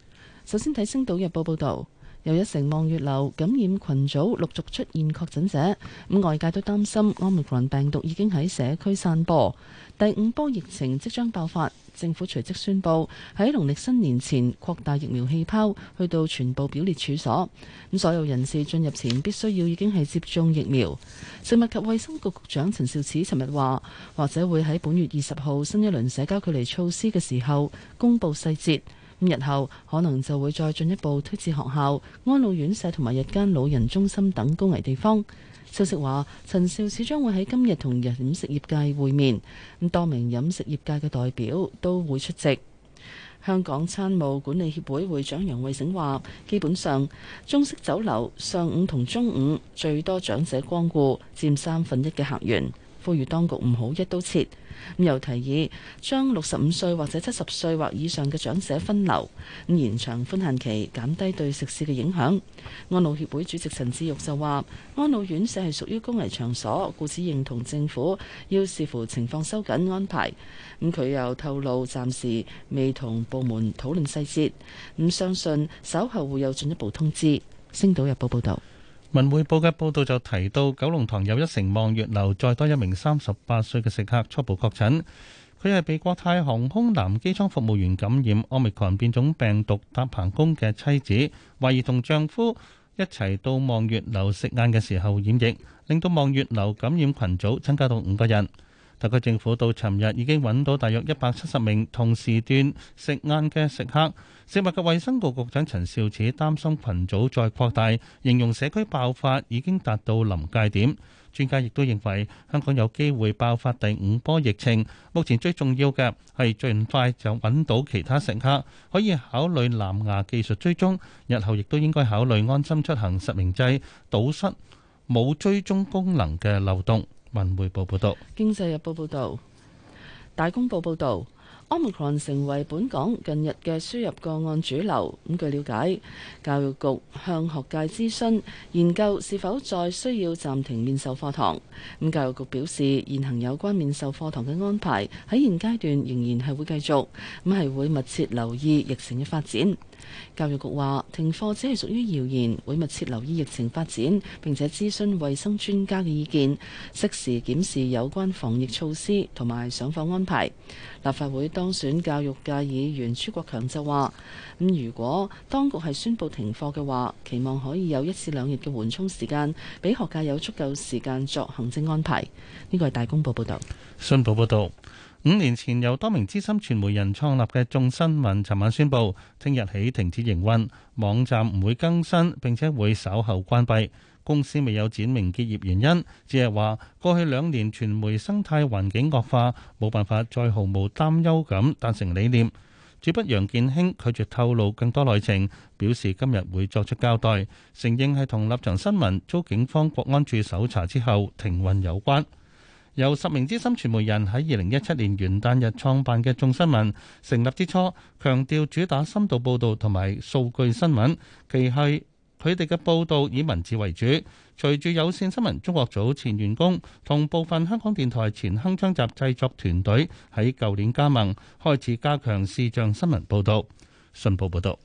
首先睇《星島日報》報道。有一城望月樓感染群組陸續出現確診者，咁外界都擔心奧密克戎病毒已經喺社區散播，第五波疫情即將爆發，政府隨即宣布喺農曆新年前擴大疫苗氣泡，去到全部表列處所，咁所有人士進入前必須要已經係接種疫苗。食物及衛生局局長陳肇始尋日話，或者會喺本月二十號新一輪社交距離措施嘅時候公布細節。咁日後可能就會再進一步推至學校、安老院舍同埋日間老人中心等高危地方。消息話，陳肇始將會喺今日同日飲食業界會面，咁多名飲食業界嘅代表都會出席。香港餐務管理協會會長楊慧醒話，基本上中式酒樓上午同中午最多長者光顧，佔三分一嘅客源，呼籲當局唔好一刀切。咁又提議將六十五歲或者七十歲或以上嘅長者分流，延長寬限期，減低對食肆嘅影響。安老協會主席陳志玉就話，安老院舍係屬於公衞場所，故此認同政府要視乎情況收緊安排。咁佢又透露，暫時未同部門討論細節，咁相信稍後會有進一步通知。星島日報報導。文匯報嘅報道就提到，九龍塘有一城望月樓再多一名三十八歲嘅食客初步確診，佢係被國泰航空男機艙服務員感染奧密克戎變種病毒搭棚工嘅妻子，懷疑同丈夫一齊到望月樓食晏嘅時候染疫，令到望月樓感染群組增加到五個人。特區政府到尋日已經揾到大約一百七十名同時段食晏嘅食客，食物及衛生局局長陳肇始擔心羣組再擴大，形容社區爆發已經達到臨界點。專家亦都認為香港有機會爆發第五波疫情。目前最重要嘅係盡快就揾到其他食客，可以考慮藍牙技術追蹤，日後亦都應該考慮安心出行實名制堵塞冇追蹤功能嘅漏洞。文匯報報道，經濟日報報道，大公報報道，Omicron 成為本港近日嘅輸入個案主流。咁據了解，教育局向學界諮詢，研究是否再需要暫停面授課堂。咁教育局表示，現行有關面授課堂嘅安排喺現階段仍然係會繼續，咁係會密切留意疫情嘅發展。教育局話停課只係屬於謠言，會密切留意疫情發展，並且諮詢衛生專家嘅意見，適時檢視有關防疫措施同埋上課安排。立法會當選教育界議員朱國強就話，咁如果當局係宣布停課嘅話，期望可以有一至兩日嘅緩衝時間，俾學界有足夠時間作行政安排。呢個係大公報報道。新報報道。五年前由多名資深傳媒人創立嘅眾新聞，尋晚宣布聽日起停止營運，網站唔會更新，並且會稍後關閉。公司未有展明結業原因，只係話過去兩年傳媒生態環境惡化，冇辦法再毫無擔憂咁達成理念。主筆楊健興拒絕透露更多內情，表示今日會作出交代，承認係同立場新聞遭警方國安處搜查之後停運有關。由十名資深傳媒人喺二零一七年元旦日創辦嘅眾新聞，成立之初強調主打深度報道同埋數據新聞，其係佢哋嘅報道以文字為主。隨住有線新聞中國組前員工同部分香港電台前鏗鏘集製作團隊喺舊年加盟，開始加強視像新聞報道。信報報道，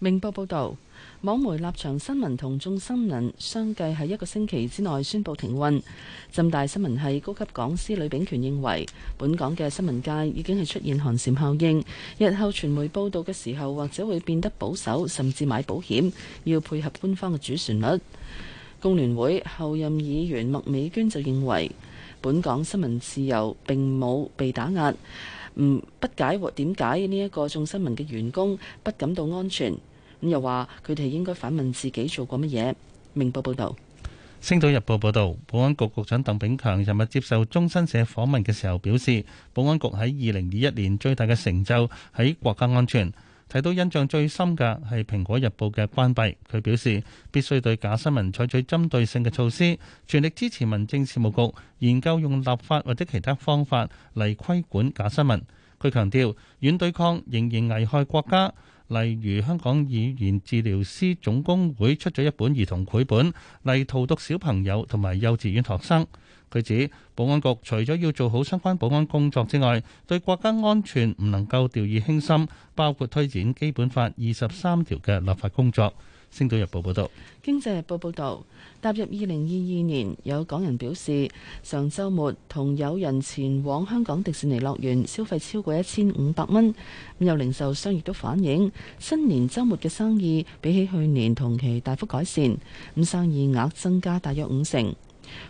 明報報道。網媒立場新聞同眾新聞相繼喺一個星期之內宣布停運。浸大新聞系高級講師呂炳權認為，本港嘅新聞界已經係出現寒蟬效應，日後傳媒報道嘅時候或者會變得保守，甚至買保險，要配合官方嘅主旋律。工聯會後任議員麥美娟就認為，本港新聞自由並冇被打壓，唔、嗯、不解或點解呢一個眾新聞嘅員工不感到安全。咁又話佢哋應該反問自己做過乜嘢？明報報道，《星島日報》報道，保安局局長鄧炳強今日接受中新社訪問嘅時候表示，保安局喺二零二一年最大嘅成就喺國家安全。睇到印象最深嘅係《蘋果日報》嘅關閉。佢表示必須對假新聞採取針對性嘅措施，全力支持民政事務局研究用立法或者其他方法嚟規管假新聞。佢強調，軟對抗仍然危害國家。例如香港語言治療師總工會出咗一本兒童繪本嚟荼毒小朋友同埋幼稚園學生。佢指保安局除咗要做好相關保安工作之外，對國家安全唔能夠掉以輕心，包括推展《基本法》二十三條嘅立法工作。星島日報報道，經濟日報報道，踏入二零二二年，有港人表示，上周末同友人前往香港迪士尼樂園消費超過一千五百蚊。有零售商亦都反映，新年周末嘅生意比起去年同期大幅改善，咁生意額增加大約五成。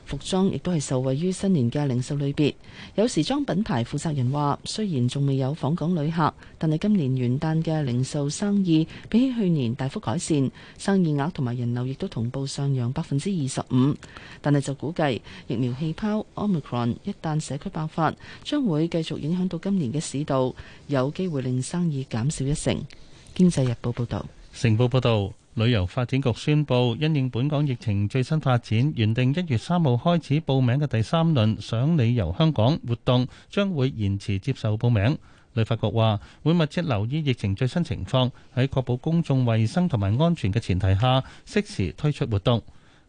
服裝亦都係受惠於新年嘅零售類別，有時裝品牌負責人話：雖然仲未有訪港旅客，但係今年元旦嘅零售生意比起去年大幅改善，生意額同埋人流亦都同步上揚百分之二十五。但係就估計，疫苗氣泡 Omicron 一旦社區爆發，將會繼續影響到今年嘅市道，有機會令生意減少一成。經濟日報報道，成報報道。旅遊發展局宣佈，因應本港疫情最新發展，原定一月三號開始報名嘅第三輪賞你遊香港活動將會延遲接受報名。旅發局話會密切留意疫情最新情況，喺確保公眾衞生同埋安全嘅前提下，適時推出活動。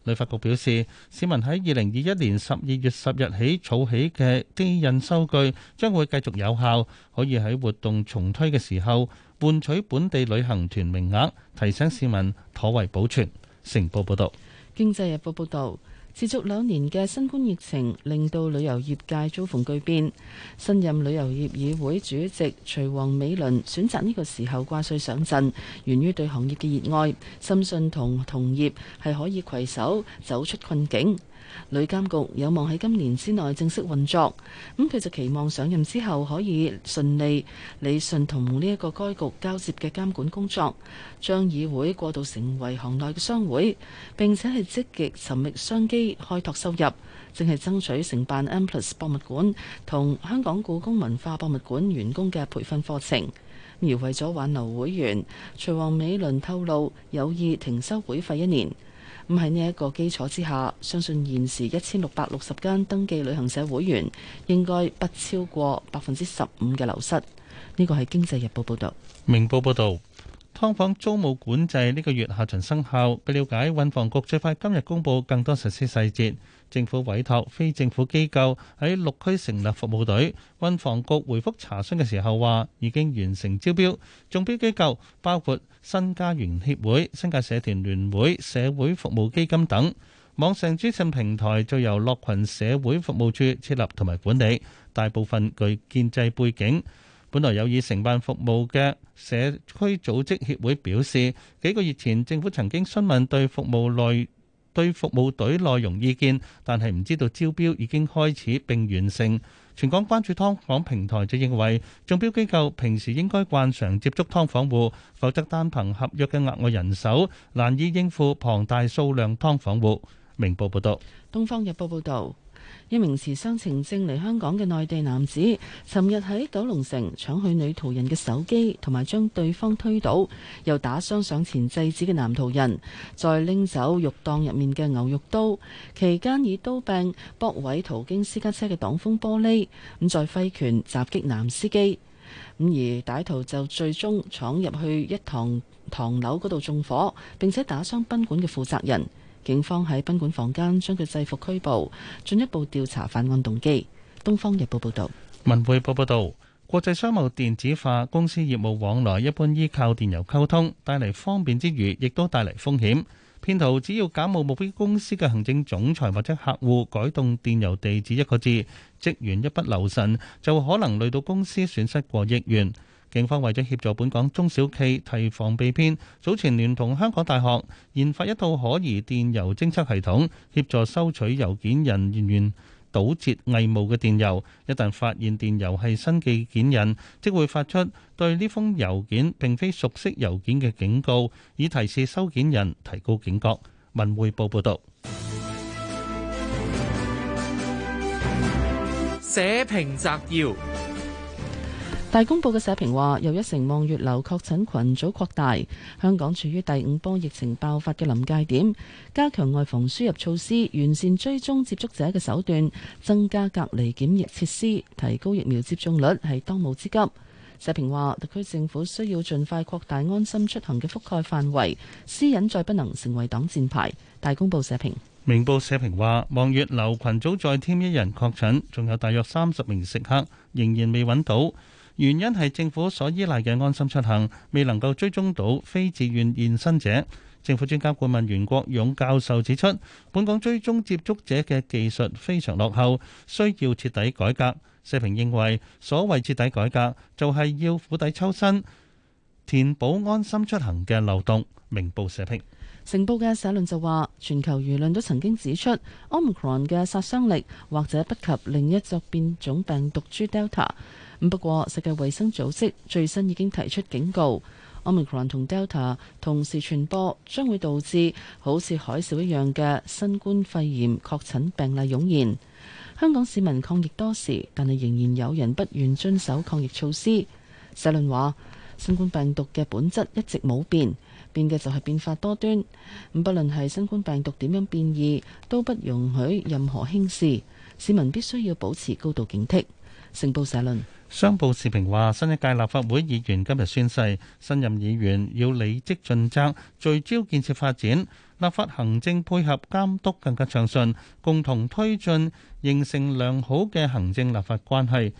旅發局表示，市民喺二零二一年十二月十日起儲起嘅機印收據將會繼續有效，可以喺活動重推嘅時候換取本地旅行團名額。提醒市民妥為保存。成報報道，《經濟日報》報道。持續兩年嘅新冠疫情令到旅遊業界遭逢巨變。新任旅遊業議會主席徐王美倫選擇呢個時候掛帥上陣，源於對行業嘅熱愛，深信同同業係可以攜手走出困境。旅監局有望喺今年之內正式運作，咁佢就期望上任之後可以順利、理順同呢一個該局交接嘅監管工作，將議會過渡成為行內嘅商會，並且係積極尋覓商機開拓收入，淨係爭取承辦 M+ 博物館同香港故宮文化博物館員工嘅培訓課程，而為咗挽留會員，徐王美倫透露有意停收會費一年。咁喺呢一個基礎之下，相信現時一千六百六十間登記旅行社會員應該不超過百分之十五嘅流失。呢個係經濟日報報導。明報報導，劏房租務管制呢個月下旬生效。據了解，運房局最快今日公布更多實施細節。政府委託非政府機構喺六區成立服務隊。運防局回覆查詢嘅時候話，已經完成招標，中標機構包括新家園協會、新界社團聯會、社會服務基金等。網上資訊平台就由樂群社會服務處設立同埋管理。大部分具建制背景，本來有意承辦服務嘅社區組織協會表示，幾個月前政府曾經詢問對服務類。對服務隊內容意見，但係唔知道招標已經開始並完成。全港關注劏房平台就認為，中標機構平時應該慣常接觸劏房戶，否則單憑合約嘅額外人手，難以應付龐大數量劏房戶。明報報道，東方日報報道。一名持雙程證嚟香港嘅內地男子，尋日喺九龍城搶去女途人嘅手機同埋將對方推倒，又打傷上前制止嘅男途人，再拎走肉檔入面嘅牛肉刀，期間以刀柄博毀途經私家車嘅擋風玻璃，咁再揮拳襲擊男司機，咁而歹徒就最終闖入去一堂唐樓嗰度縱火，並且打傷賓館嘅負責人。警方喺賓館房間將佢制服拘捕，進一步調查犯案動機。東方日報報道，文匯報報道，國際商務電子化公司業務往來一般依靠電郵溝通，帶嚟方便之餘，亦都帶嚟風險。騙徒只要假冒目標公司嘅行政總裁或者客戶，改動電郵地址一個字，職員一不留神就可能累到公司損失過億元。警方為咗協助本港中小企提防被騙，早前聯同香港大學研發一套可疑電郵偵測系統，協助收取郵件人員堵截偽冒嘅電郵。一旦發現電郵係新寄件人，即會發出對呢封郵件並非熟悉郵件嘅警告，以提示收件人提高警覺。文匯報報道：社評摘要。大公報嘅社評話，又一城望月樓確診群組擴大，香港處於第五波疫情爆發嘅臨界點，加強外防輸入措施、完善追蹤接觸者嘅手段、增加隔離檢疫設施、提高疫苗接種率係當務之急。社評話，特區政府需要盡快擴大安心出行嘅覆蓋範圍，私隱再不能成為擋箭牌。大公報社評。明報社評話，望月樓群組再添一人確診，仲有大約三十名食客仍然未揾到。原因係政府所依賴嘅安心出行未能夠追蹤到非自願現身者。政府專家顧問袁國勇教授指出，本港追蹤接觸者嘅技術非常落後，需要徹底改革。社評認為，所謂徹底改革，就係要釜底抽薪，填補安心出行嘅漏洞。明報社評。成報嘅社論就話：全球輿論都曾經指出，Omicron 嘅殺傷力或者不及另一隻變種病毒株 Delta。不過，世界衛生組織最新已經提出警告，Omicron 同 Delta 同時傳播將會導致好似海嘯一樣嘅新冠肺炎確診病例湧現。香港市民抗疫多時，但係仍然有人不願遵守抗疫措施。社論話：新冠病毒嘅本質一直冇變。變嘅就係變化多端，咁不論係新冠病毒點樣變異，都不容許任何輕視，市民必須要保持高度警惕。成報社論。商報時評話：新一屆立法會議員今日宣誓，新任議員要履職盡責，聚焦建設發展，立法行政配合監督更加暢順，共同推進形成良好嘅行政立法關係。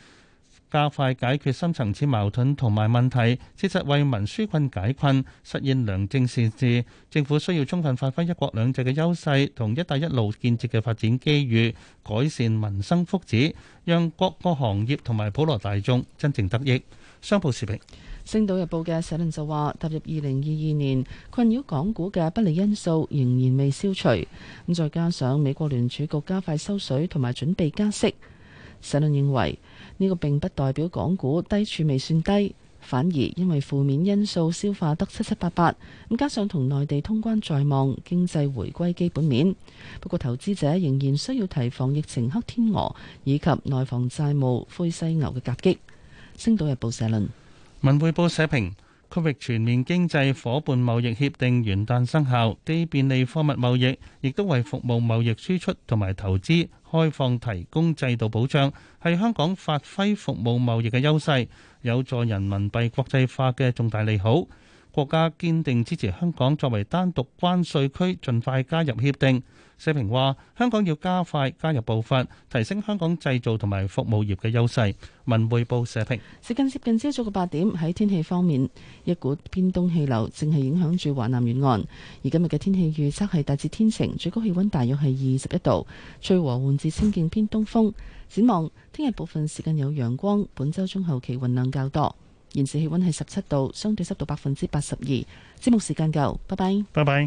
加快解決深層次矛盾同埋問題，切實為民紓困解困，實現良政善治。政府需要充分發揮一國兩制嘅優勢，同一帶一路建設嘅發展機遇，改善民生福祉，讓各個行業同埋普羅大眾真正得益。商報時評，《星島日報》嘅社論就話：踏入二零二二年，困擾港股嘅不利因素仍然未消除，咁再加上美國聯儲局加快收水同埋準備加息，社論認為。呢、這個並不代表港股低處未算低，反而因為負面因素消化得七七八八，咁加上同內地通關在望，經濟回歸基本面。不過投資者仍然需要提防疫情黑天鵝以及內房債務灰犀牛嘅夾擊。星島日報社論，文匯報社評。區域全面經濟夥伴貿易協定元旦生效，既便利貨物貿易，亦都為服務貿易輸出同埋投資開放提供制度保障，係香港發揮服務貿易嘅優勢，有助人民幣國際化嘅重大利好。國家堅定支持香港作為單獨關稅區，盡快加入協定。社評話：香港要加快加入步伐，提升香港製造同埋服務業嘅優勢。文匯報社評。時間接近朝早嘅八點，喺天氣方面，一股偏東氣流正係影響住華南沿岸。而今日嘅天氣預測係大致天晴，最高氣溫大約係二十一度，吹和緩至清勁偏東風。展望聽日部分時間有陽光，本周中後期雲量較多。現時氣溫係十七度，相對濕度百分之八十二。節目時間夠，拜拜，拜拜。